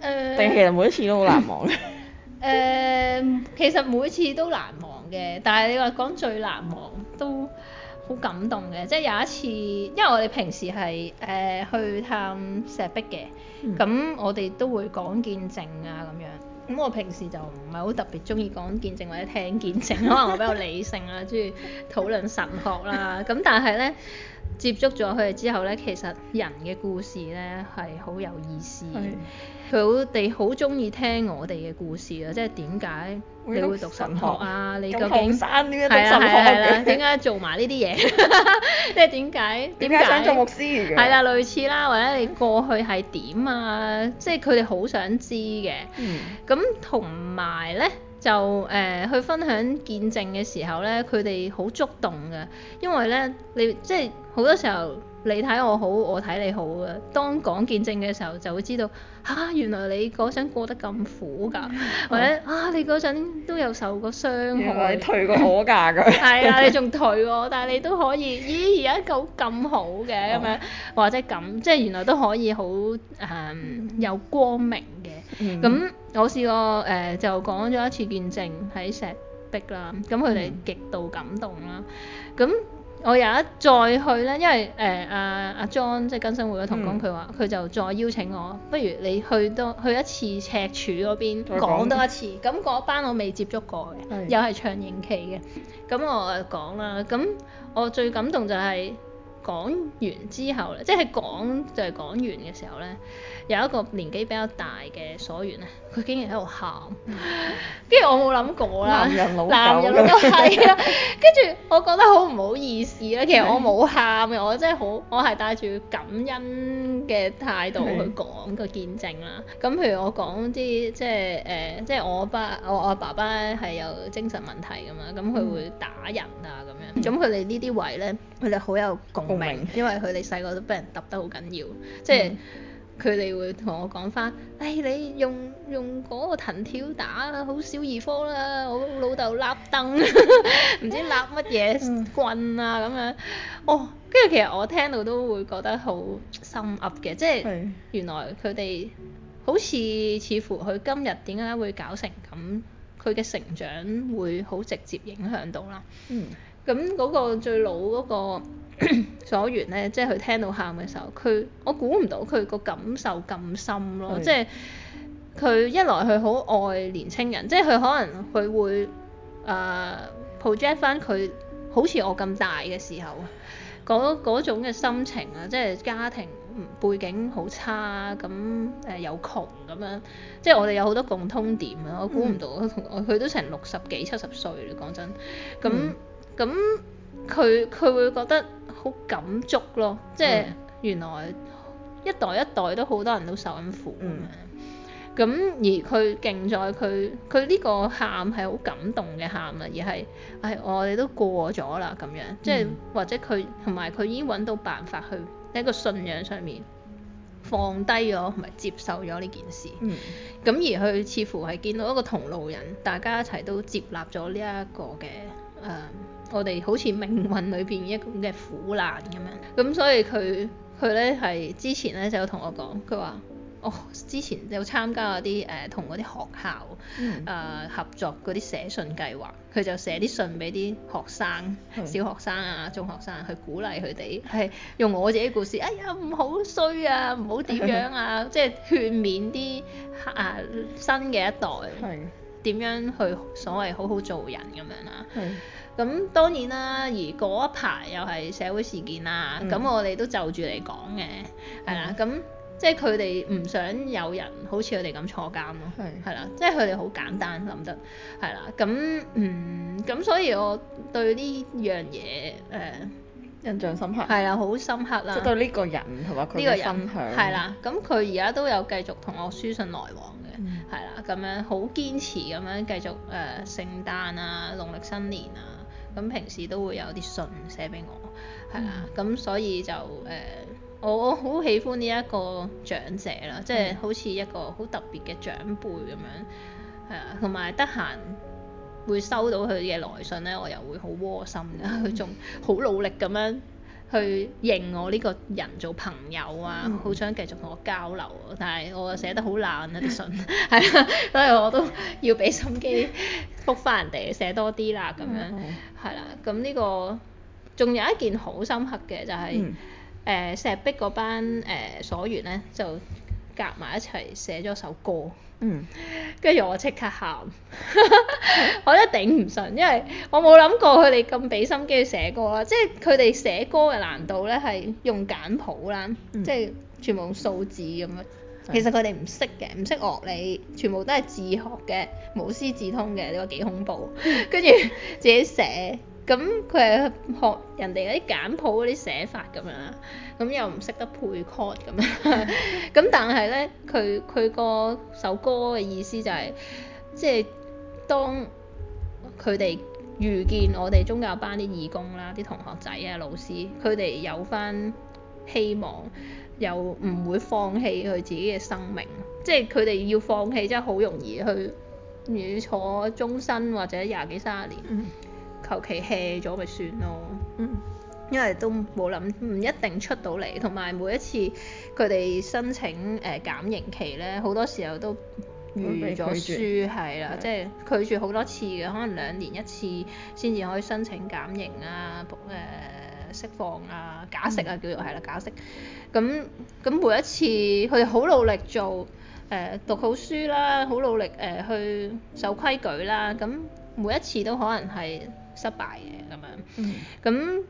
誒，定係其實每一次都好難忘嘅。呃 <laughs> 誒、呃，其實每次都難忘嘅，但係你話講最難忘都好感動嘅，即係有一次，因為我哋平時係誒、呃、去探石壁嘅，咁、嗯、我哋都會講見證啊咁樣。咁、嗯、我平時就唔係好特別中意講見證或者聽見證， <laughs> 可能我比較理性啦，中意 <laughs> 討論神學啦。咁但係呢。接觸咗佢哋之後咧，其實人嘅故事咧係好有意思。佢哋好中意聽我哋嘅故事啊，即係點解你會讀神學啊？讀神學，你究竟點解讀神學？係啦，點解、啊啊啊、做埋呢啲嘢？即係點解點解想做牧師嘅？係啦、啊，類似啦，或者你過去係點啊？即係佢哋好想知嘅。咁同埋咧。就誒、呃、去分享見證嘅時候咧，佢哋好觸動嘅，因為咧，你即係好多時候。你睇我好，我睇你好啊！當講見證嘅時候，就會知道嚇、啊，原來你嗰陣過得咁苦㗎，哦、或者啊，你嗰陣都有受過傷，害，或者退過火架㗎。係 <laughs> 啊，你仲退我，但係你都可以，咦，而家夠咁好嘅咁、哦、樣，或者咁，即係原來都可以好誒、嗯、有光明嘅。咁、嗯、我試過誒、呃、就講咗一次見證喺石壁啦，咁佢哋極度感動啦。咁、嗯我有一再去咧，因為誒阿阿 John 即係更生會嘅同工，佢話、嗯，佢就再邀請我，不如你去多去一次赤柱嗰邊，講多一次。咁嗰班我未接觸過嘅，的又係長刑期嘅。咁我講啦，咁我最感動就係。講完之後咧，即係講就係、係、講完嘅時候咧，有一個年紀比較大嘅所員咧，佢竟然喺度喊，跟住、嗯、我冇諗過啦，男人老狗係 <laughs> 啊，跟住我覺得好唔好意思啦。其實我冇喊嘅，我真係好，我係帶住感恩嘅態度去講個、嗯嗯、見證啦。咁譬如我講啲即係誒，即係、呃、我爸我阿爸爸咧係有精神問題㗎嘛，咁佢會打人啊咁樣，咁佢哋呢啲位咧。佢哋好有共鳴，共鳴因為佢哋細個都俾人揼得好緊要，即係佢哋會同我講返：誒、哎、你用用嗰個藤條打，好少兒科啦！我老豆立凳，唔 <laughs> <laughs> 知立乜嘢棍啊咁、嗯、樣。哦，跟住其實我聽到都會覺得好心噏嘅，即係是原來佢哋好似似乎佢今日點解會搞成咁，佢嘅成長會好直接影響到啦。嗯。咁嗰個最老嗰個 <coughs> 所員咧，即係佢聽到喊嘅時候，佢我估唔到佢個感受咁深咯。的即係佢一來佢好愛年青人，即係佢可能佢會誒、呃、project 翻佢好似我咁大嘅時候，嗰嗰種嘅心情啊，即係家庭背景好差，咁誒又窮咁樣，即係我哋有好多共通點啊！我估唔到佢都成六十幾七十歲啦，講真，咁。嗯咁佢佢會覺得好感觸咯，即係原來一代一代都好多人都受緊苦咁、嗯、而佢勁在佢佢呢個喊係好感動嘅喊啊，而係係我哋都過咗啦咁樣，嗯、即係或者佢同埋佢已經揾到辦法去喺個信仰上面放低咗同埋接受咗呢件事。咁、嗯、而佢似乎係見到一個同路人，大家一齊都接納咗呢一個嘅誒。嗯我哋好似命運裏邊一咁嘅苦難咁樣，咁所以佢佢咧係之前咧就有同我講，佢話我之前有參加嗰啲誒同嗰啲學校誒、呃、合作嗰啲寫信計劃，佢就寫啲信俾啲學生、的小學生啊、中學生、啊、去鼓勵佢哋，係用我自己故事，哎呀唔好衰啊，唔好點樣啊，即係 <laughs> 勸勉啲啊新嘅一代點的樣去所謂好好做人咁樣啦。的咁當然啦，而嗰一排又係社會事件啦，咁、嗯、我哋都就住嚟講嘅，係、嗯、啦，咁即係佢哋唔想有人好似佢哋咁坐監咯，係是啦，即係佢哋好簡單諗得，係啦，咁嗯，咁所以我對呢樣嘢誒印象深刻，係啦，好深刻啦，即係對呢個人同埋佢嘅分享，係啦，咁佢而家都有繼續同我書信來往嘅，係、嗯、啦，咁樣好堅持咁樣繼續誒、呃、聖誕啊、農曆新年啊。咁平時都會有啲信寫俾我，係、嗯、啊，咁所以就誒、呃，我我好喜歡呢一個長者啦，嗯、即係好似一個好特別嘅長輩咁樣，係啊，同埋得閒會收到佢嘅來信咧，我又會好窩心㗎，佢仲好努力咁樣。去認我呢個人做朋友啊，好、嗯、想繼續同我交流，啊。 <laughs> <laughs> <laughs> <laughs> 但係我寫得好爛啊啲信，係啊，所以我都要俾心機覆返人哋，寫多啲啦咁樣，係啦，咁呢、嗯呢個仲有一件好深刻嘅就係、是、誒、嗯呃、石壁嗰班誒、呃、所員咧就。夾埋一齊寫咗首歌，跟住、嗯、我即刻喊， <laughs> 我都頂唔順，因為我冇諗過佢哋咁俾心機去寫歌啦。即係佢哋寫歌嘅難度咧，係用簡譜啦，嗯、即係全部用數字咁樣。嗯、其實佢哋唔識嘅，唔識樂理，全部都係自學嘅，無師自通嘅。你話幾恐怖？跟住、嗯、自己寫。咁佢係學人哋嗰啲簡譜嗰啲寫法咁樣啦，咁又唔識得配 key 咁樣，咁 <laughs> 但係呢，佢佢首歌嘅意思就係、是，即係當佢哋遇見我哋宗教班啲義工啦、啲同學仔啊、老師，佢哋有翻希望，又唔會放棄佢自己嘅生命，即係佢哋要放棄真係好容易去要坐終身或者廿幾三十年。嗯求其 hea 咗咪算咯、嗯，因為都冇諗，唔一定出到嚟。同埋每一次佢哋申請誒、呃、減刑期咧，好多時候都預咗輸係啦，即係拒絕好的的多次嘅，可能兩年一次先至可以申請減刑啊、誒、呃、釋放啊、假釋啊、嗯、叫做係啦假釋。咁咁每一次佢哋好努力做誒、呃、讀好書啦，好努力誒、呃、去守規矩啦，咁每一次都可能係。失敗嘅咁樣，咁、嗯、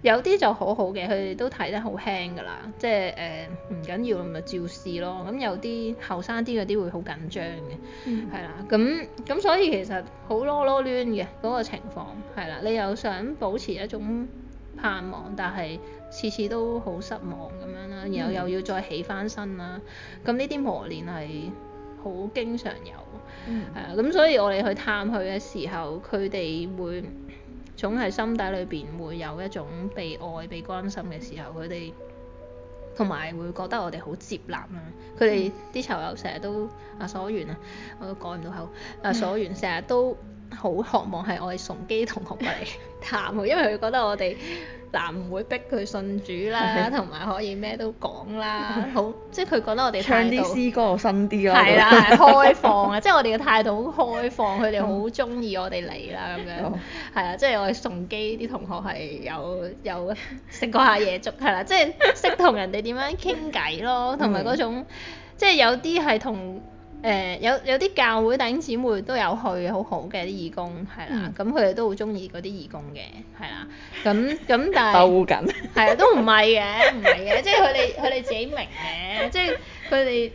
有啲就好好嘅，佢哋都睇得好輕噶啦，即、呃、係誒唔緊要咁咪照試咯。咁有啲後生啲嗰啲會好緊張嘅，係、嗯、啦。咁咁所以其實好囉囉攣嘅嗰個情況係啦。你又想保持一種盼望，但係次次都好失望咁樣啦，然後又要再起翻身啦。咁呢啲磨練係好經常有，係、嗯、啊。咁所以我哋去探佢嘅時候，佢哋會，總係心底裏邊會有一種被愛、被關心嘅時候，佢哋同埋會覺得我哋好接納啊。佢哋啲囚友成日都啊，所源啊，我都改唔到口啊，所源成日都。好渴望係我哋崇基同學嚟探，因為佢覺得我哋嗱唔會逼佢信主啦，同埋可以咩都講啦，好即係佢覺得我哋唱啲詩歌又新啲咯，係啦係開放啊，即係我哋嘅態度好開放，佢哋好中意我哋嚟啦咁樣，係啊，即係我哋崇基啲同學係有有食過下嘢足係啦，即係識同人哋點樣傾偈咯，同埋嗰種即係有啲係同。誒、呃，有有啲教會弟兄姊妹都有去好好嘅啲義工係啦，咁佢哋都好中意嗰啲義工嘅係啦，咁咁但係係啊，都唔係嘅，唔係嘅，即係佢哋佢哋自己明嘅，即係佢哋。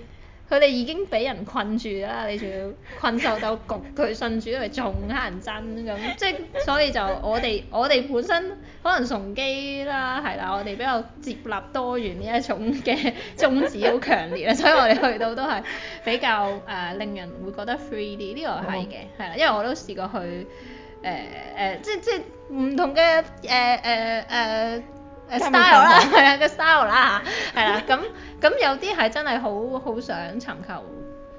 佢哋已經俾人困住啦，你仲要困獸鬥焗，佢信主因為仲黑人憎咁，即係所以就我哋我哋本身可能崇基啦，係啦，我哋比較接納多元呢一種嘅宗旨好強烈啊，所以我哋去到都係比較誒、呃、令人會覺得 free 啲，呢、這個係嘅，係啦好，因為我都試過去誒誒、呃呃，即係即係唔同嘅誒誒誒。呃呃呃 style 啦，係 <noise> 啊，個 style 啦吓，係啦，咁咁有啲係真係好好想尋求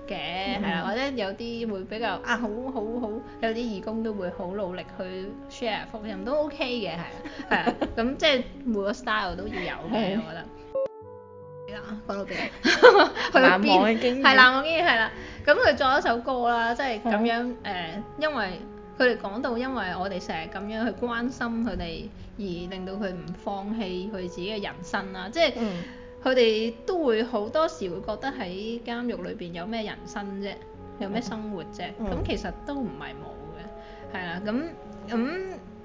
嘅，係啦，或者有啲會比較啊好好好，有啲義工都會好努力去 share 福音都 OK 嘅，係啊。咁即係每個 style 都 寸 et iques 寸 要有嘅，我覺得。講到邊？去邊？係南澳經驗係啦，咁佢作一首歌啦，即係咁樣誒，rina, 因為。佢哋講到，因為我哋成日咁樣去關心佢哋，而令到佢唔放棄佢自己嘅人生啦、啊。即係佢哋都會好多時會覺得喺監獄裏邊有咩人生啫，有咩生活啫。咁、嗯、其實都唔係冇嘅，係啦。咁咁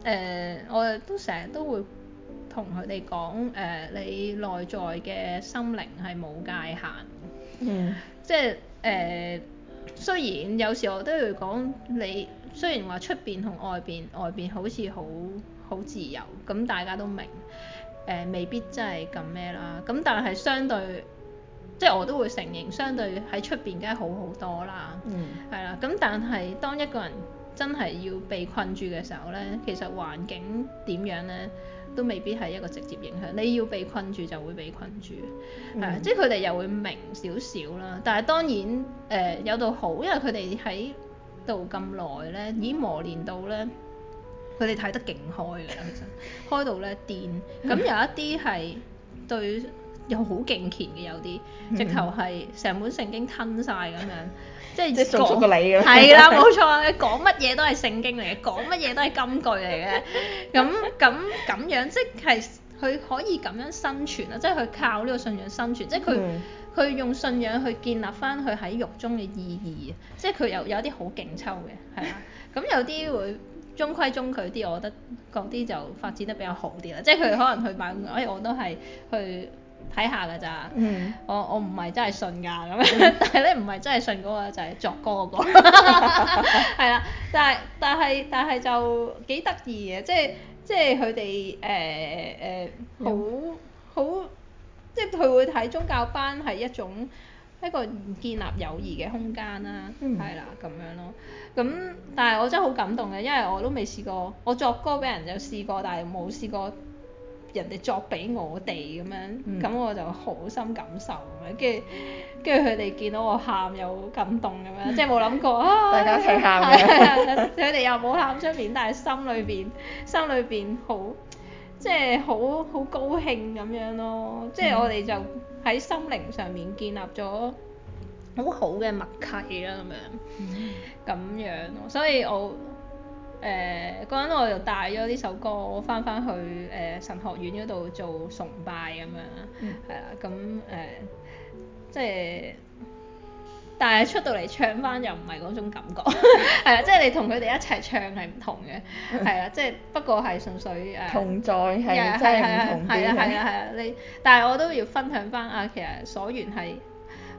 誒，我哋都成日都會同佢哋講誒，你內在嘅心靈係冇界限。嗯。即係誒、呃，雖然有時候我都要講你。雖然話出邊同外邊，外邊好似好好自由，咁大家都明，誒、呃、未必真係咁咩啦。咁但係相對，即係我都會承認，相對喺出邊梗係好好多啦。嗯。係啦，咁但係當一個人真係要被困住嘅時候呢，其實環境點樣，樣呢都未必係一個直接影響。你要被困住就會被困住，係、嗯呃、即係佢哋又會明少少啦。但係當然，誒、呃、有到好，因為佢哋喺。度咁耐咧，已經磨練到咧，佢哋睇得勁開嘅，其實開到咧癲。咁有一啲係對又好勁虔嘅，有啲直頭係成本聖經吞晒咁樣，即係講係啦，冇錯，講乜嘢都係聖經嚟嘅，講乜嘢都係金句嚟嘅。咁咁咁樣即係佢可以咁樣生存啊！即係佢靠呢個信仰生存，即係佢。佢用信仰去建立翻佢喺獄中嘅意義，即係佢有有啲好勁抽嘅，係啊。咁有啲會中規中矩啲，我覺得嗰啲就發展得比較好啲啦。即係佢可能去買，我、欸、我都係去睇下㗎咋、嗯。我我唔係真係信㗎咁樣，但係咧唔係真係信嗰個就係作歌嗰個，係啦。但係但係但係就幾得意嘅，即係即係佢哋誒誒好好。呃呃即係佢會睇宗教班係一種一個唔建立友誼嘅空間啦，係啦咁樣咯。咁但係我真係好感動嘅，因為我都未試過我作歌俾人，有試過，但係冇試過人哋作俾我哋咁樣，咁、嗯、我就好深感受啊。跟住跟住佢哋見到我喊又好感動咁樣，即係冇諗過啊！ <laughs> 大家一齊喊，佢哋又冇喊出面，但係心裏邊心裏邊好。即係好好高興咁樣咯，即係我哋就喺心靈上面建立咗好好嘅默契啦咁樣，咁樣咯，所以我誒嗰陣我又帶咗呢首歌返返去誒、呃、神學院嗰度做崇拜咁樣啦，係啦、嗯，咁、呃、誒即係。但係出到嚟唱翻又唔係嗰種感覺，係啦，即係你同佢哋一齊唱係唔同嘅，係啦，即係不過係純粹誒同在係真係唔同啲嘅。係啊係啊係啊，你但係我都要分享翻啊，其實所願係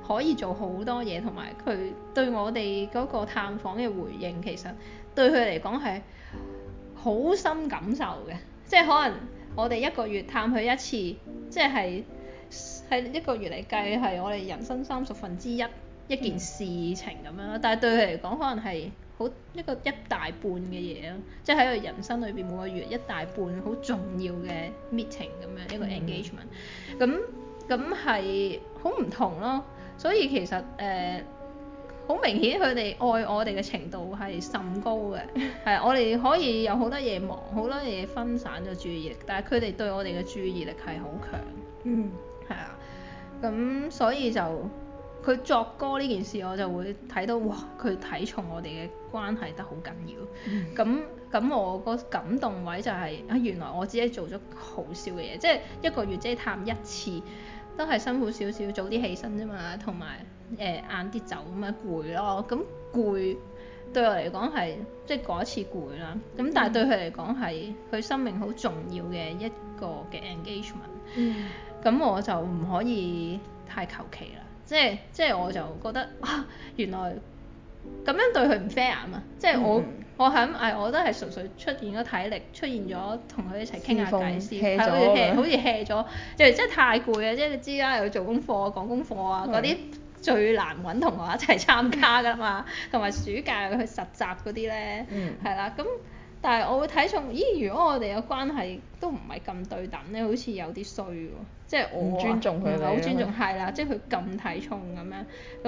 可以做好多嘢，同埋佢對我哋嗰個探訪嘅回應，其實對佢嚟講係好深感受嘅。即係可能我哋一個月探佢一次，即係係一個月嚟計係我哋人生三十分之一。一件事情咁樣，但係對佢嚟講，可能係好一個一大半嘅嘢咯，即係喺佢人生裏邊每個月一大半好重要嘅 meeting 咁樣一個 engagement，咁咁係好唔同咯。所以其實誒，好、呃、明顯佢哋愛我哋嘅程度係甚高嘅，係 <laughs> 我哋可以有好多嘢忙，好多嘢分散咗注意力，但係佢哋對我哋嘅注意力係好強，嗯，係啊，咁所以就。佢作歌呢件事我就會睇到，哇！佢睇重我哋嘅關係得好緊要。咁咁、嗯、我個感動位就係、是、啊，原來我自己做咗好少嘅嘢，即係一個月即係探一次，都係辛苦少少，早啲起身啫嘛，同埋誒晏啲走咁啊攰咯。咁攰對我嚟講係即係嗰次攰啦。咁但係對佢嚟講係佢生命好重要嘅一個嘅 engagement，嗯。咁我就唔可以太求其啦。即係即係我就覺得啊，原來咁樣對佢唔 fair 啊嘛！即係我、嗯、我係咁誒，我都係純粹出現咗體力，出現咗同佢一齊傾下偈先，係好似 hea 好似 hea 咗，即係真係太攰啊！即係你知啦，又做功課講功課啊，嗰啲、嗯、最難揾同學一齊參加㗎嘛，同埋暑假去實習嗰啲咧，係、嗯、啦，咁但係我會睇重咦？如果我哋嘅關係都唔係咁對等咧，好似有啲衰喎。即係我唔尊重佢啦，好不尊重係嗎啦，即係佢咁體重咁樣，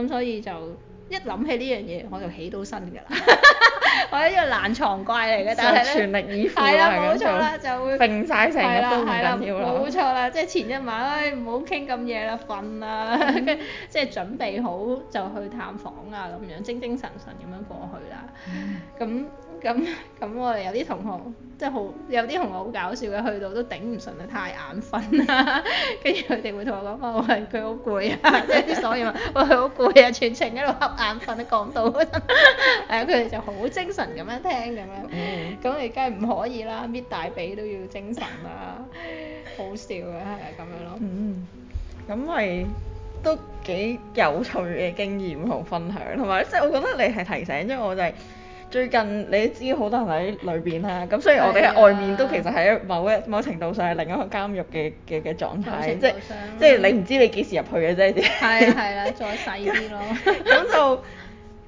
咁所以就一諗起呢樣嘢我就起到身㗎啦， <laughs> <laughs> 我係一個懶牀怪嚟嘅，但係全力以赴係咁啦，冇的錯啦，就會揈曬成個都唔緊要啦，冇錯啦，即係前一晚唉唔好傾咁夜啦，瞓啦， <laughs> <laughs> 即係準備好就去探訪啊咁樣，精精神神咁樣過去啦，咁。 <laughs> 咁咁、嗯、我哋有啲同學即係好有啲同學好搞笑嘅，去到都頂唔順、嗯哎、啊，太眼瞓啦。跟住佢哋會同我講話喂，佢好攰啊，即係啲所謂話，喂佢好攰啊，全程一路瞌眼瞓啊，講到誒佢哋就好精神咁樣聽咁樣，咁、嗯嗯、你梗係唔可以啦，搣大髀都要精神啦， <laughs> 好笑嘅係咁樣咯。嗯，咁咪、就是、都幾有趣嘅經驗同分享，同埋即係我覺得你係提醒、就是，因為我哋。最近你都知好多人喺裏邊啦，咁所以我哋喺外面都其實喺某一某程度上係另一個監獄嘅嘅嘅狀態，即係、嗯、即係你唔知你幾時入去嘅啫，係的。係係啦，再細啲咯。咁 <laughs> 就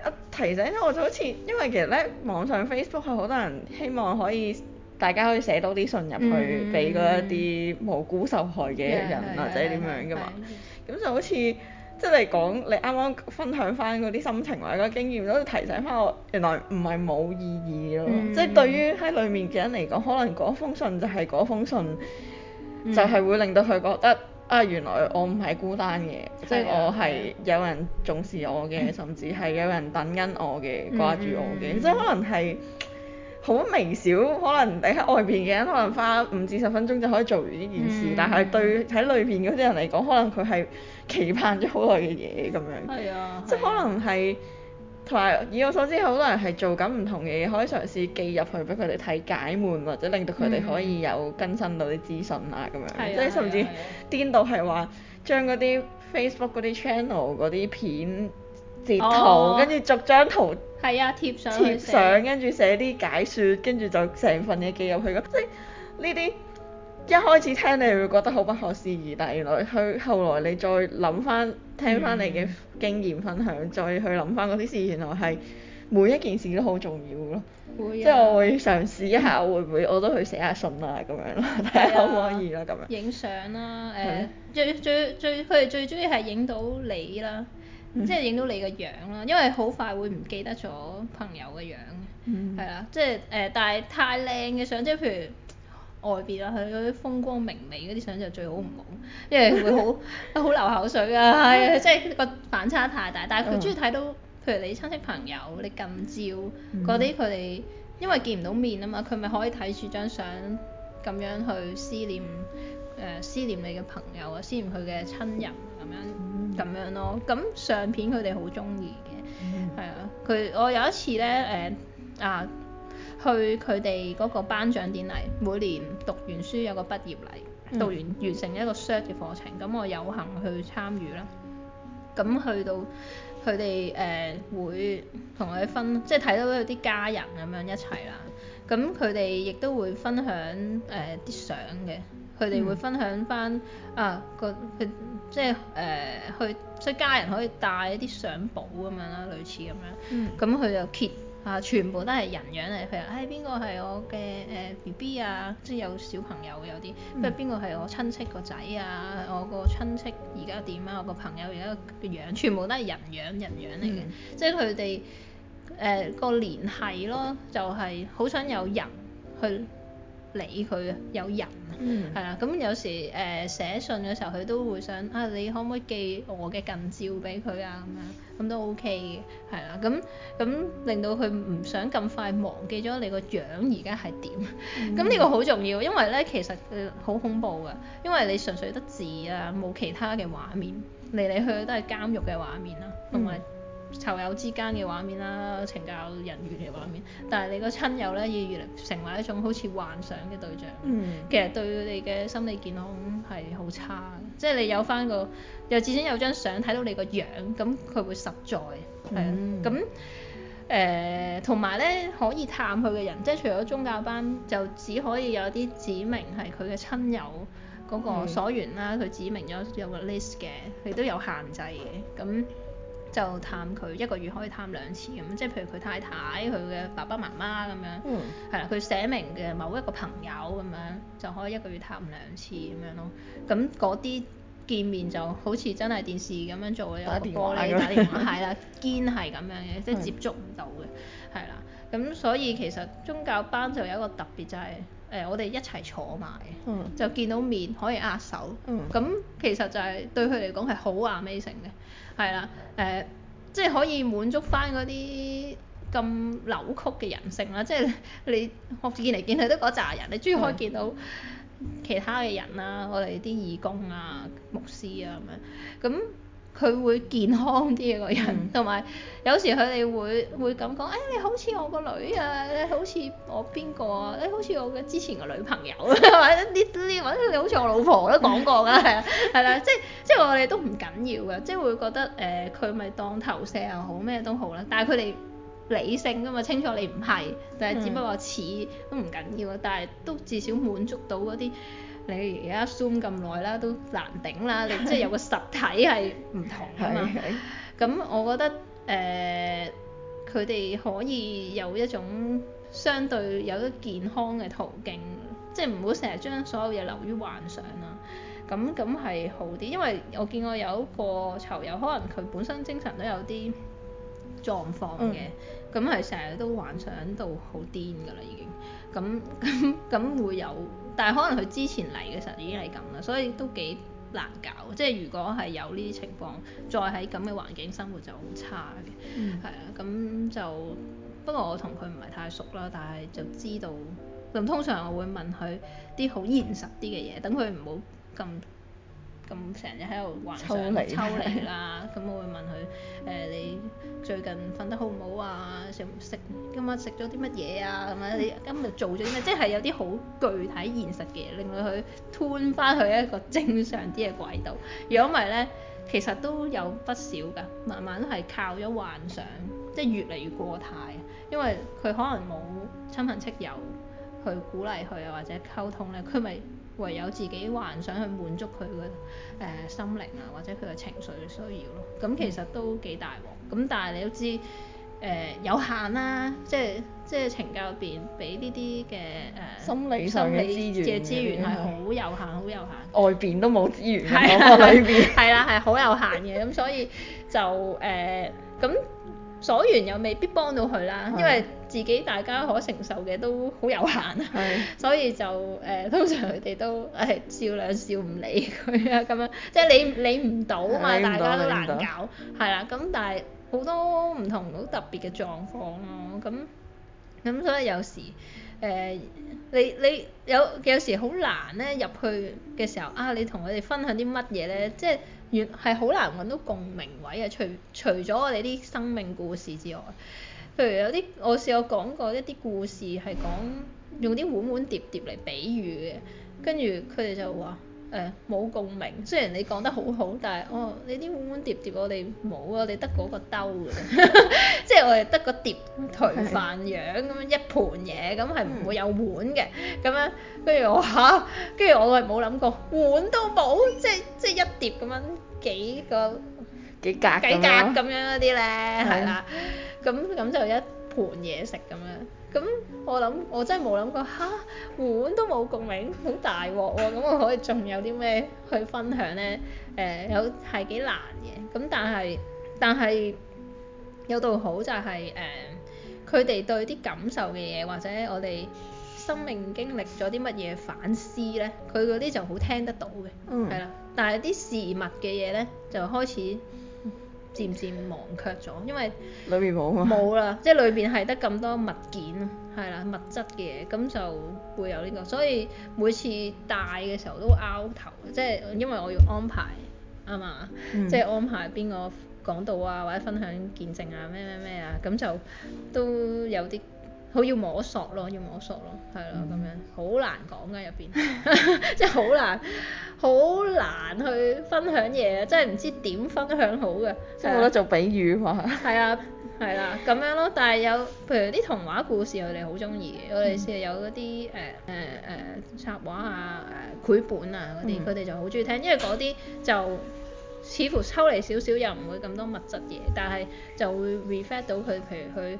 一提醒咗我就好似，因為其實咧網上 Facebook 係好多人希望可以大家可以寫多啲信入去俾嗰、嗯嗯嗯、一啲無辜受害嘅人嗯嗯嗯或者點樣噶嘛，咁、嗯嗯嗯、就好似。即係講你啱啱分享翻嗰啲心情或者經驗，都提醒翻我，原來唔係冇意義咯。即係、mm hmm. 對於喺裏面嘅人嚟講，可能嗰封信就係嗰封信，就係會令到佢覺得、mm hmm. 啊，原來我唔係孤單嘅，即係我係有人重視我嘅，mm hmm. 甚至係有人等緊我嘅，掛住我嘅，即係、mm hmm. 可能係好微小，可能你喺外邊嘅人可能花五至十分鐘就可以做完呢件事，mm hmm. 但係對喺裏面嗰啲人嚟講，可能佢係。期盼咗好耐嘅嘢咁樣， <noise> 即係可能係同埋以我所知，好多人係做緊唔同嘅嘢，可以嘗試寄入去俾佢哋睇解悶，或者令到佢哋可以有更新到啲資訊啊咁樣， <noise> <noise> 即係甚至癲到係話將嗰啲 Facebook 嗰啲 channel 嗰啲片截圖，跟住 <noise> 逐張圖係 <noise> 啊貼上去貼上，跟住寫啲解說，跟住就成份嘢寄入去咁，即係呢啲。一開始聽你會覺得好不可思議，但原來去後來你再諗返聽返你嘅經驗分享，嗯、再去諗返嗰啲事，原來係每一件事都好重要咯。會、啊。即係我會嘗試一下會唔會我都去寫下信啊咁樣啦，睇下可唔可以啦咁樣。影相啦，誒、呃嗯、最最最佢哋最鍾意係影到你啦，即係影到你嘅樣啦，因為好快會唔記得咗朋友嘅樣。嗯。係啦，即係誒，但係太靚嘅相，即係譬如，外邊啊，佢嗰啲風光明媚嗰啲相就最好唔好，因為佢會好好 <laughs> 流口水啊，係啊，即係個反差太大。但係佢鍾意睇到，oh. 譬如你親戚朋友，你近照嗰啲佢哋，因為見唔到面啊嘛，佢咪可以睇住張相咁樣去思念誒、呃、思念你嘅朋友啊，思念佢嘅親人咁樣咁樣咯。咁相片佢哋好鍾意嘅，係啊、oh.，佢我有一次咧誒、呃、啊。去佢哋嗰個頒獎典禮，每年讀完書有個畢業禮，嗯、讀完完成一個 cert 嘅課程，咁我有幸去參與啦。咁去到佢哋誒會同佢分，即係睇到有啲家人咁樣一齊啦。咁佢哋亦都會分享誒啲、呃、相嘅，佢哋會分享翻、嗯、啊個佢即係誒、呃、去，即係家人可以帶一啲相簿咁樣啦，類似咁樣。咁佢、嗯、就揭。啊！全部都係人樣嚟。譬如誒邊個係我嘅誒 B B 啊，即係有小朋友有啲，不過邊個係我親戚個仔啊，我個親戚而家點啊，我個朋友而家個樣，全部都係人樣。人樣嚟嘅，嗯、即係佢哋誒個聯繫咯，就係、是、好想有人去。理佢有人係啦，咁、嗯、有時誒、呃、寫信嘅時候，佢都會想啊，你可唔可以寄我嘅近照俾佢啊？咁樣咁都 OK 嘅係啦，咁咁令到佢唔想咁快忘記咗你個樣、嗯、個樣而家係點？咁呢個好重要，因為咧其實好恐怖嘅，因為你純粹得字啊，冇其他嘅畫面嚟嚟去去都係監獄嘅畫面啦，同埋、嗯。囚友之間嘅畫面啦，懲教人員嘅畫面，但係你個親友咧，越嚟越成為一種好似幻想嘅對象。嗯。其實對你嘅心理健康係好差嘅，即係你有翻個，又至少有張相睇到你個樣，咁佢會實在係啊。咁誒、嗯，同埋咧可以探佢嘅人，即係除咗宗教班，就只可以有啲指明係佢嘅親友嗰個所源啦。佢、嗯、指明咗有個 list 嘅，佢都有限制嘅。咁就探佢一個月可以探兩次咁，即係譬如佢太太、佢嘅爸爸媽媽咁樣，係啦、嗯。佢寫明嘅某一個朋友咁樣，就可以一個月探兩次咁樣咯。咁嗰啲見面就好似真係電視咁樣做有個電話嘅打電話、打電話係啦，堅係咁樣嘅，嗯、即係接觸唔到嘅，係啦。咁所以其實宗教班就有一個特別就係、是、誒、呃，我哋一齊坐埋就見到面可以握手，咁其實就係對佢嚟講係好 Amazing 嘅。係啦，誒、呃，即係可以滿足翻嗰啲咁扭曲嘅人性啦，即係你我見嚟見去都嗰扎人，你終於可以見到其他嘅人啦，我哋啲義工啊、牧師啊咁樣，咁佢會健康啲嘅個人，同埋、嗯、有，有時佢哋會會咁講，誒、哎、你好似我個女啊，你好似我邊個啊，你好似我嘅之前個女朋友啊，或者呢呢，或者 <laughs> 你好似我老婆都講過㗎，係係啦，即係。 <laughs> 即係我哋都唔緊要嘅，即係會覺得誒佢咪當投射又好咩都好啦。但係佢哋理性㗎嘛，清楚你唔係，但係只不過似、嗯、都唔緊要。但係都至少滿足到嗰啲你而家 Zoom 咁耐啦，都難頂啦。 <laughs> 你即係有個實體係唔同㗎嘛。咁我覺得誒佢哋可以有一種相對有啲健康嘅途徑，即係唔好成日將所有嘢留於幻想啦。咁咁係好啲，因為我見過有一個囚友，可能佢本身精神都有啲狀況嘅，咁係成日都幻想到好癲㗎啦已經，咁咁咁會有，但係可能佢之前嚟嘅時候已經係咁啦，所以都幾難搞。即係如果係有呢啲情況，再喺咁嘅環境生活就好差嘅，係啊、嗯。咁就，不過我同佢唔係太熟啦，但係就知道。咁通常我會問佢啲好現實啲嘅嘢，等佢唔好。咁咁成日喺度幻想嚟抽你離啦，咁 <laughs> 我會問佢誒、呃、你最近瞓得好唔好啊？食唔食今晚食咗啲乜嘢啊？咁啊你今日做咗啲咩？ <laughs> 即係有啲好具體現實嘅嘢，令到佢吞 u 翻去一個正常啲嘅軌道。如果唔係咧，其實都有不少㗎，慢慢係靠咗幻想，即係越嚟越過態。因為佢可能冇親朋戚友去鼓勵佢啊，或者溝通咧，佢咪～唯有自己幻想去滿足佢嘅誒心靈啊，或者佢嘅情緒需要咯。咁、嗯、其實都幾大鑊。咁、嗯、但係你都知誒、呃、有限啦、啊，即係即係懲教入邊俾呢啲嘅誒心理上嘅資源嘅資源係好有限，好、嗯嗯、有限。有限，外邊都冇資源，喎裏邊係啦係好有限嘅。咁所以就誒咁、呃、所願又未必幫到佢啦，因為。自己大家可承受嘅都好有限啊，的所以就誒、呃、通常佢哋都誒、哎、笑兩笑唔理佢啊咁樣，即係你理唔到嘛，大家都難搞，係啦，咁但係好多唔同好特別嘅狀況咯，咁咁所以有時誒、呃、你你有有時好難咧入去嘅時候啊，你同佢哋分享啲乜嘢咧，即係原係好難搵到共鳴位啊，除除咗我哋啲生命故事之外。譬如有啲我試過講過一啲故事，係講用啲碗碗碟碟嚟比喻嘅，跟住佢哋就話誒冇共鳴。雖然你講得好好，但係哦，你啲碗碗碟碟我哋冇啊，我哋得嗰個兜㗎啫，即係我哋得個碟頭飯樣咁樣一盤嘢，咁係唔會有碗嘅咁樣。跟住我嚇，跟住我係冇諗過碗都冇，即係即係一碟咁樣幾個幾格幾格咁樣嗰啲咧，係啦的。咁咁就一盤嘢食咁樣，咁我諗我真係冇諗過嚇、啊、碗都冇共鳴，好大鑊喎、啊，咁我可以仲有啲咩去分享呢？誒、呃、有係幾難嘅，咁但係但係有度好就係誒佢哋對啲感受嘅嘢，或者我哋生命經歷咗啲乜嘢反思呢，佢嗰啲就好聽得到嘅，係啦、嗯。但係啲事物嘅嘢呢，就開始。漸漸忘卻咗，因為裏 <laughs> 面冇啊冇啦，即係裏邊係得咁多物件，係啦，物質嘅嘢，咁就會有呢、這個，所以每次帶嘅時候都拗頭，即係因為我要安排啊嘛、嗯，即係安排邊個講道啊，或者分享見證啊，咩咩咩啊，咁就都有啲。好要摸索咯，要摸索咯，係咯，咁樣好難講㗎入邊，即係好難，好難去分享嘢，真係唔知點分享好嘅。即係覺得做比喻啊嘛係啊，係啦，咁樣咯。但係有，譬如啲童話故事，我哋好中意嘅。我哋先有嗰啲誒誒插畫啊、誒繪本啊嗰啲，佢哋就好中意聽，因為嗰啲就似乎抽離少少，又唔會咁多物質嘢，但係就會 reflect 到佢，譬如佢誒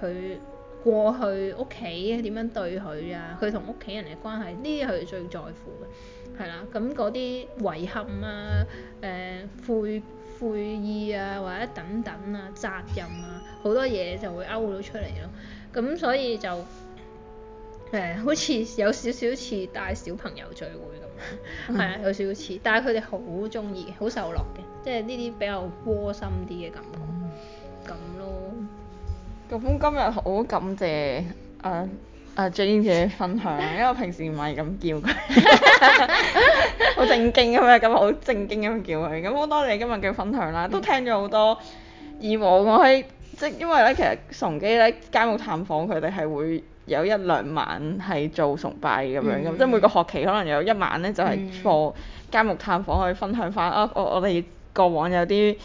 佢。過去屋企點樣對佢啊，佢同屋企人嘅關係，呢啲佢最在乎嘅，係啦，咁嗰啲遺憾啊，誒悔悔意啊，或者等等啊，責任啊，好多嘢就會勾到出嚟咯，咁所以就誒好似有少少似帶小朋友聚會咁，係啊，有少少似，但係佢哋好鍾意，好受落嘅，即係呢啲比較窩心啲嘅感覺，咁。咁今日好感謝阿阿 Jane 姐分享， <laughs> 因為我平時唔係咁叫佢，好 <laughs> <laughs> 正經咁樣咁，好正經咁樣叫佢。咁好多謝你今日嘅分享啦，都聽咗好多、嗯、而我以往我喺即因為咧其實崇基咧監獄探訪佢哋係會有一兩晚係做崇拜咁樣咁，嗯、即係每個學期可能有一晚咧就係課監獄探訪去分享返，嗯啊我我我過往有啲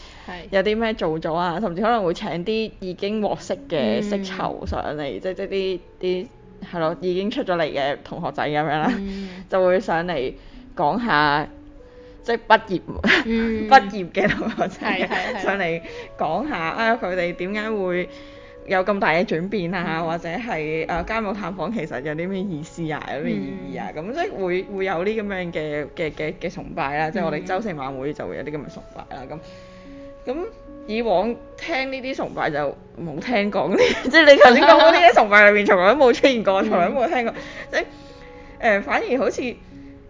有啲咩做咗啊，甚至可能會請啲已經獲釋嘅釋囚上嚟、嗯，即即啲啲係咯，已經出咗嚟嘅同學仔咁樣啦，嗯、就會上嚟講下即畢業、嗯、畢業嘅同學仔、嗯、上嚟講下啊，佢哋點解會有咁大嘅轉變啊，嗯、或者係誒、呃、監獄探訪，其實有啲咩意思啊，有咩意義啊？咁、嗯、即係會會有啲咁樣嘅嘅嘅嘅崇拜啦、啊，嗯、即係我哋週四晚會就會有啲咁嘅崇拜啦、啊。咁咁以往聽呢啲崇拜就冇聽講啲，即 <laughs> 係 <laughs> 你頭先講嗰啲嘅崇拜裏面，從來都冇出現過，嗯、從來都冇聽過。即係誒、呃，反而好似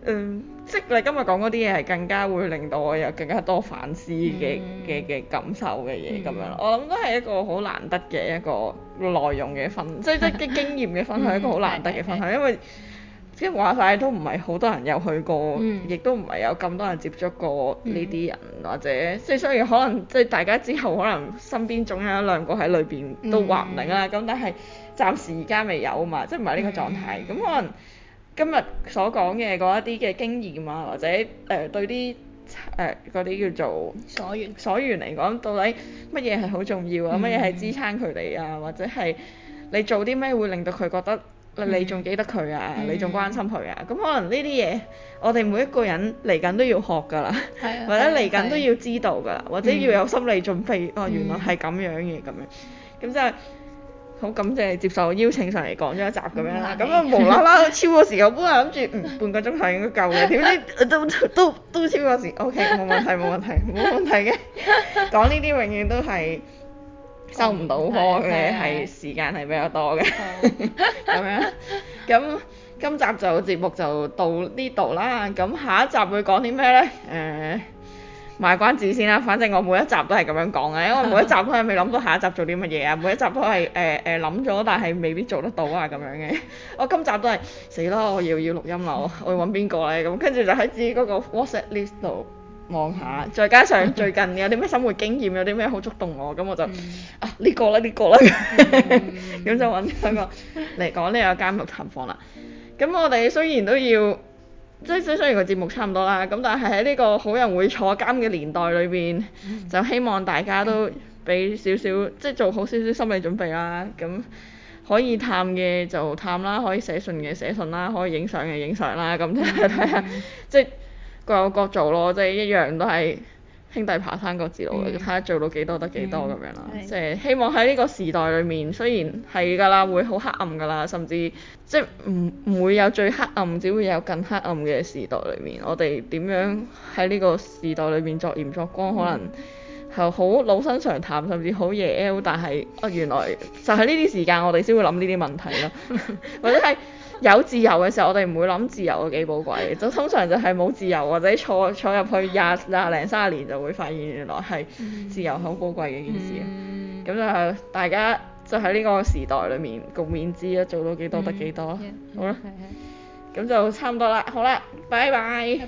嗯。即你今日講嗰啲嘢係更加會令到我有更加多反思嘅嘅嘅感受嘅嘢咁樣，我諗都係一個好難得嘅一個內容嘅分，即係即係經驗嘅分享一個好難得嘅分享，嗯嗯、因為即係話晒都唔係好多人有去過，亦都唔係有咁多人接觸過呢啲人、嗯、或者即係雖然可能即係、就是、大家之後可能身邊總有一兩個喺裏邊都話唔定啦，咁、嗯、但係暫時而家未有啊嘛，即係唔係呢個狀態，咁可能。今日所講嘅嗰一啲嘅經驗啊，或者誒對啲誒嗰啲叫做所緣，所緣嚟講，到底乜嘢係好重要啊？乜嘢係支撐佢哋啊？或者係你做啲咩會令到佢覺得你仲記得佢啊？你仲關心佢啊？咁可能呢啲嘢，我哋每一個人嚟緊都要學㗎啦，或者嚟緊都要知道㗎，或者要有心理準備。哦，原來係咁樣嘅咁樣，咁就。好感謝接受邀請上嚟講咗一集咁樣啦，咁啊無啦啦超過時間，我本來諗住嗯半個鐘頭應該夠嘅，點知都都都超過時，OK 冇問題冇問題冇問題嘅，講呢啲永遠都係收唔到波嘅，係時間係比較多嘅咁的 <laughs> 樣，咁今集就節目就到呢度啦，咁下一集會講啲咩咧？誒、呃。賣關子先啦，反正我每一集都係咁樣講嘅。因為我每一集都係未諗到下一集做啲乜嘢啊，每一集都係誒誒諗咗，但係未必做得到啊咁樣嘅。 <laughs> 我今集都係死咯，我要要錄音啦，我要揾邊個咧？咁跟住就喺自己嗰個 WhatsApp list 度望下，嗯、再加上最近有啲咩生活經驗，有啲咩好觸動我，咁我就、嗯、啊呢、呢個啦呢、呢個啦，咁、 <laughs> 嗯、 <laughs> 就揾呢個嚟講呢個監獄探訪啦。咁 <laughs> 我哋雖然都要。即係，即係，雖然個節目差唔多啦，咁但係喺呢個好人會坐監嘅年代裏邊，mm hmm. 就希望大家都俾少少即係做好少少心理準備啦。咁可以探嘅就探啦，可以寫信嘅寫信啦，可以影相嘅影相啦。咁睇下、mm hmm. 即係各有各做咯，即係一樣都係。兄弟爬山各自路，睇下、嗯、做到幾多得幾多咁樣啦。即係、嗯、希望喺呢個時代裏面，雖然係噶啦，會好黑暗噶啦，甚至即係唔唔會有最黑暗，只會有更黑暗嘅時代裏面。我哋點樣喺呢個時代裏面作鹽作光，嗯、可能係好老生常談，甚至好夜 l，但係啊，原來就喺呢啲時間，我哋先會諗呢啲問題囉， <laughs> <laughs> 或者係。.有自由嘅時候，我哋唔會諗自由係幾寶貴，就通常就係冇自由，或者坐坐入去廿廿零三十年就會發現原來係自由好寶貴嘅件事。咁、嗯嗯、就大家就喺呢個時代裡面共勉之啦，做到幾多得幾多，多。好啦，咁就差唔多啦，好啦，拜拜。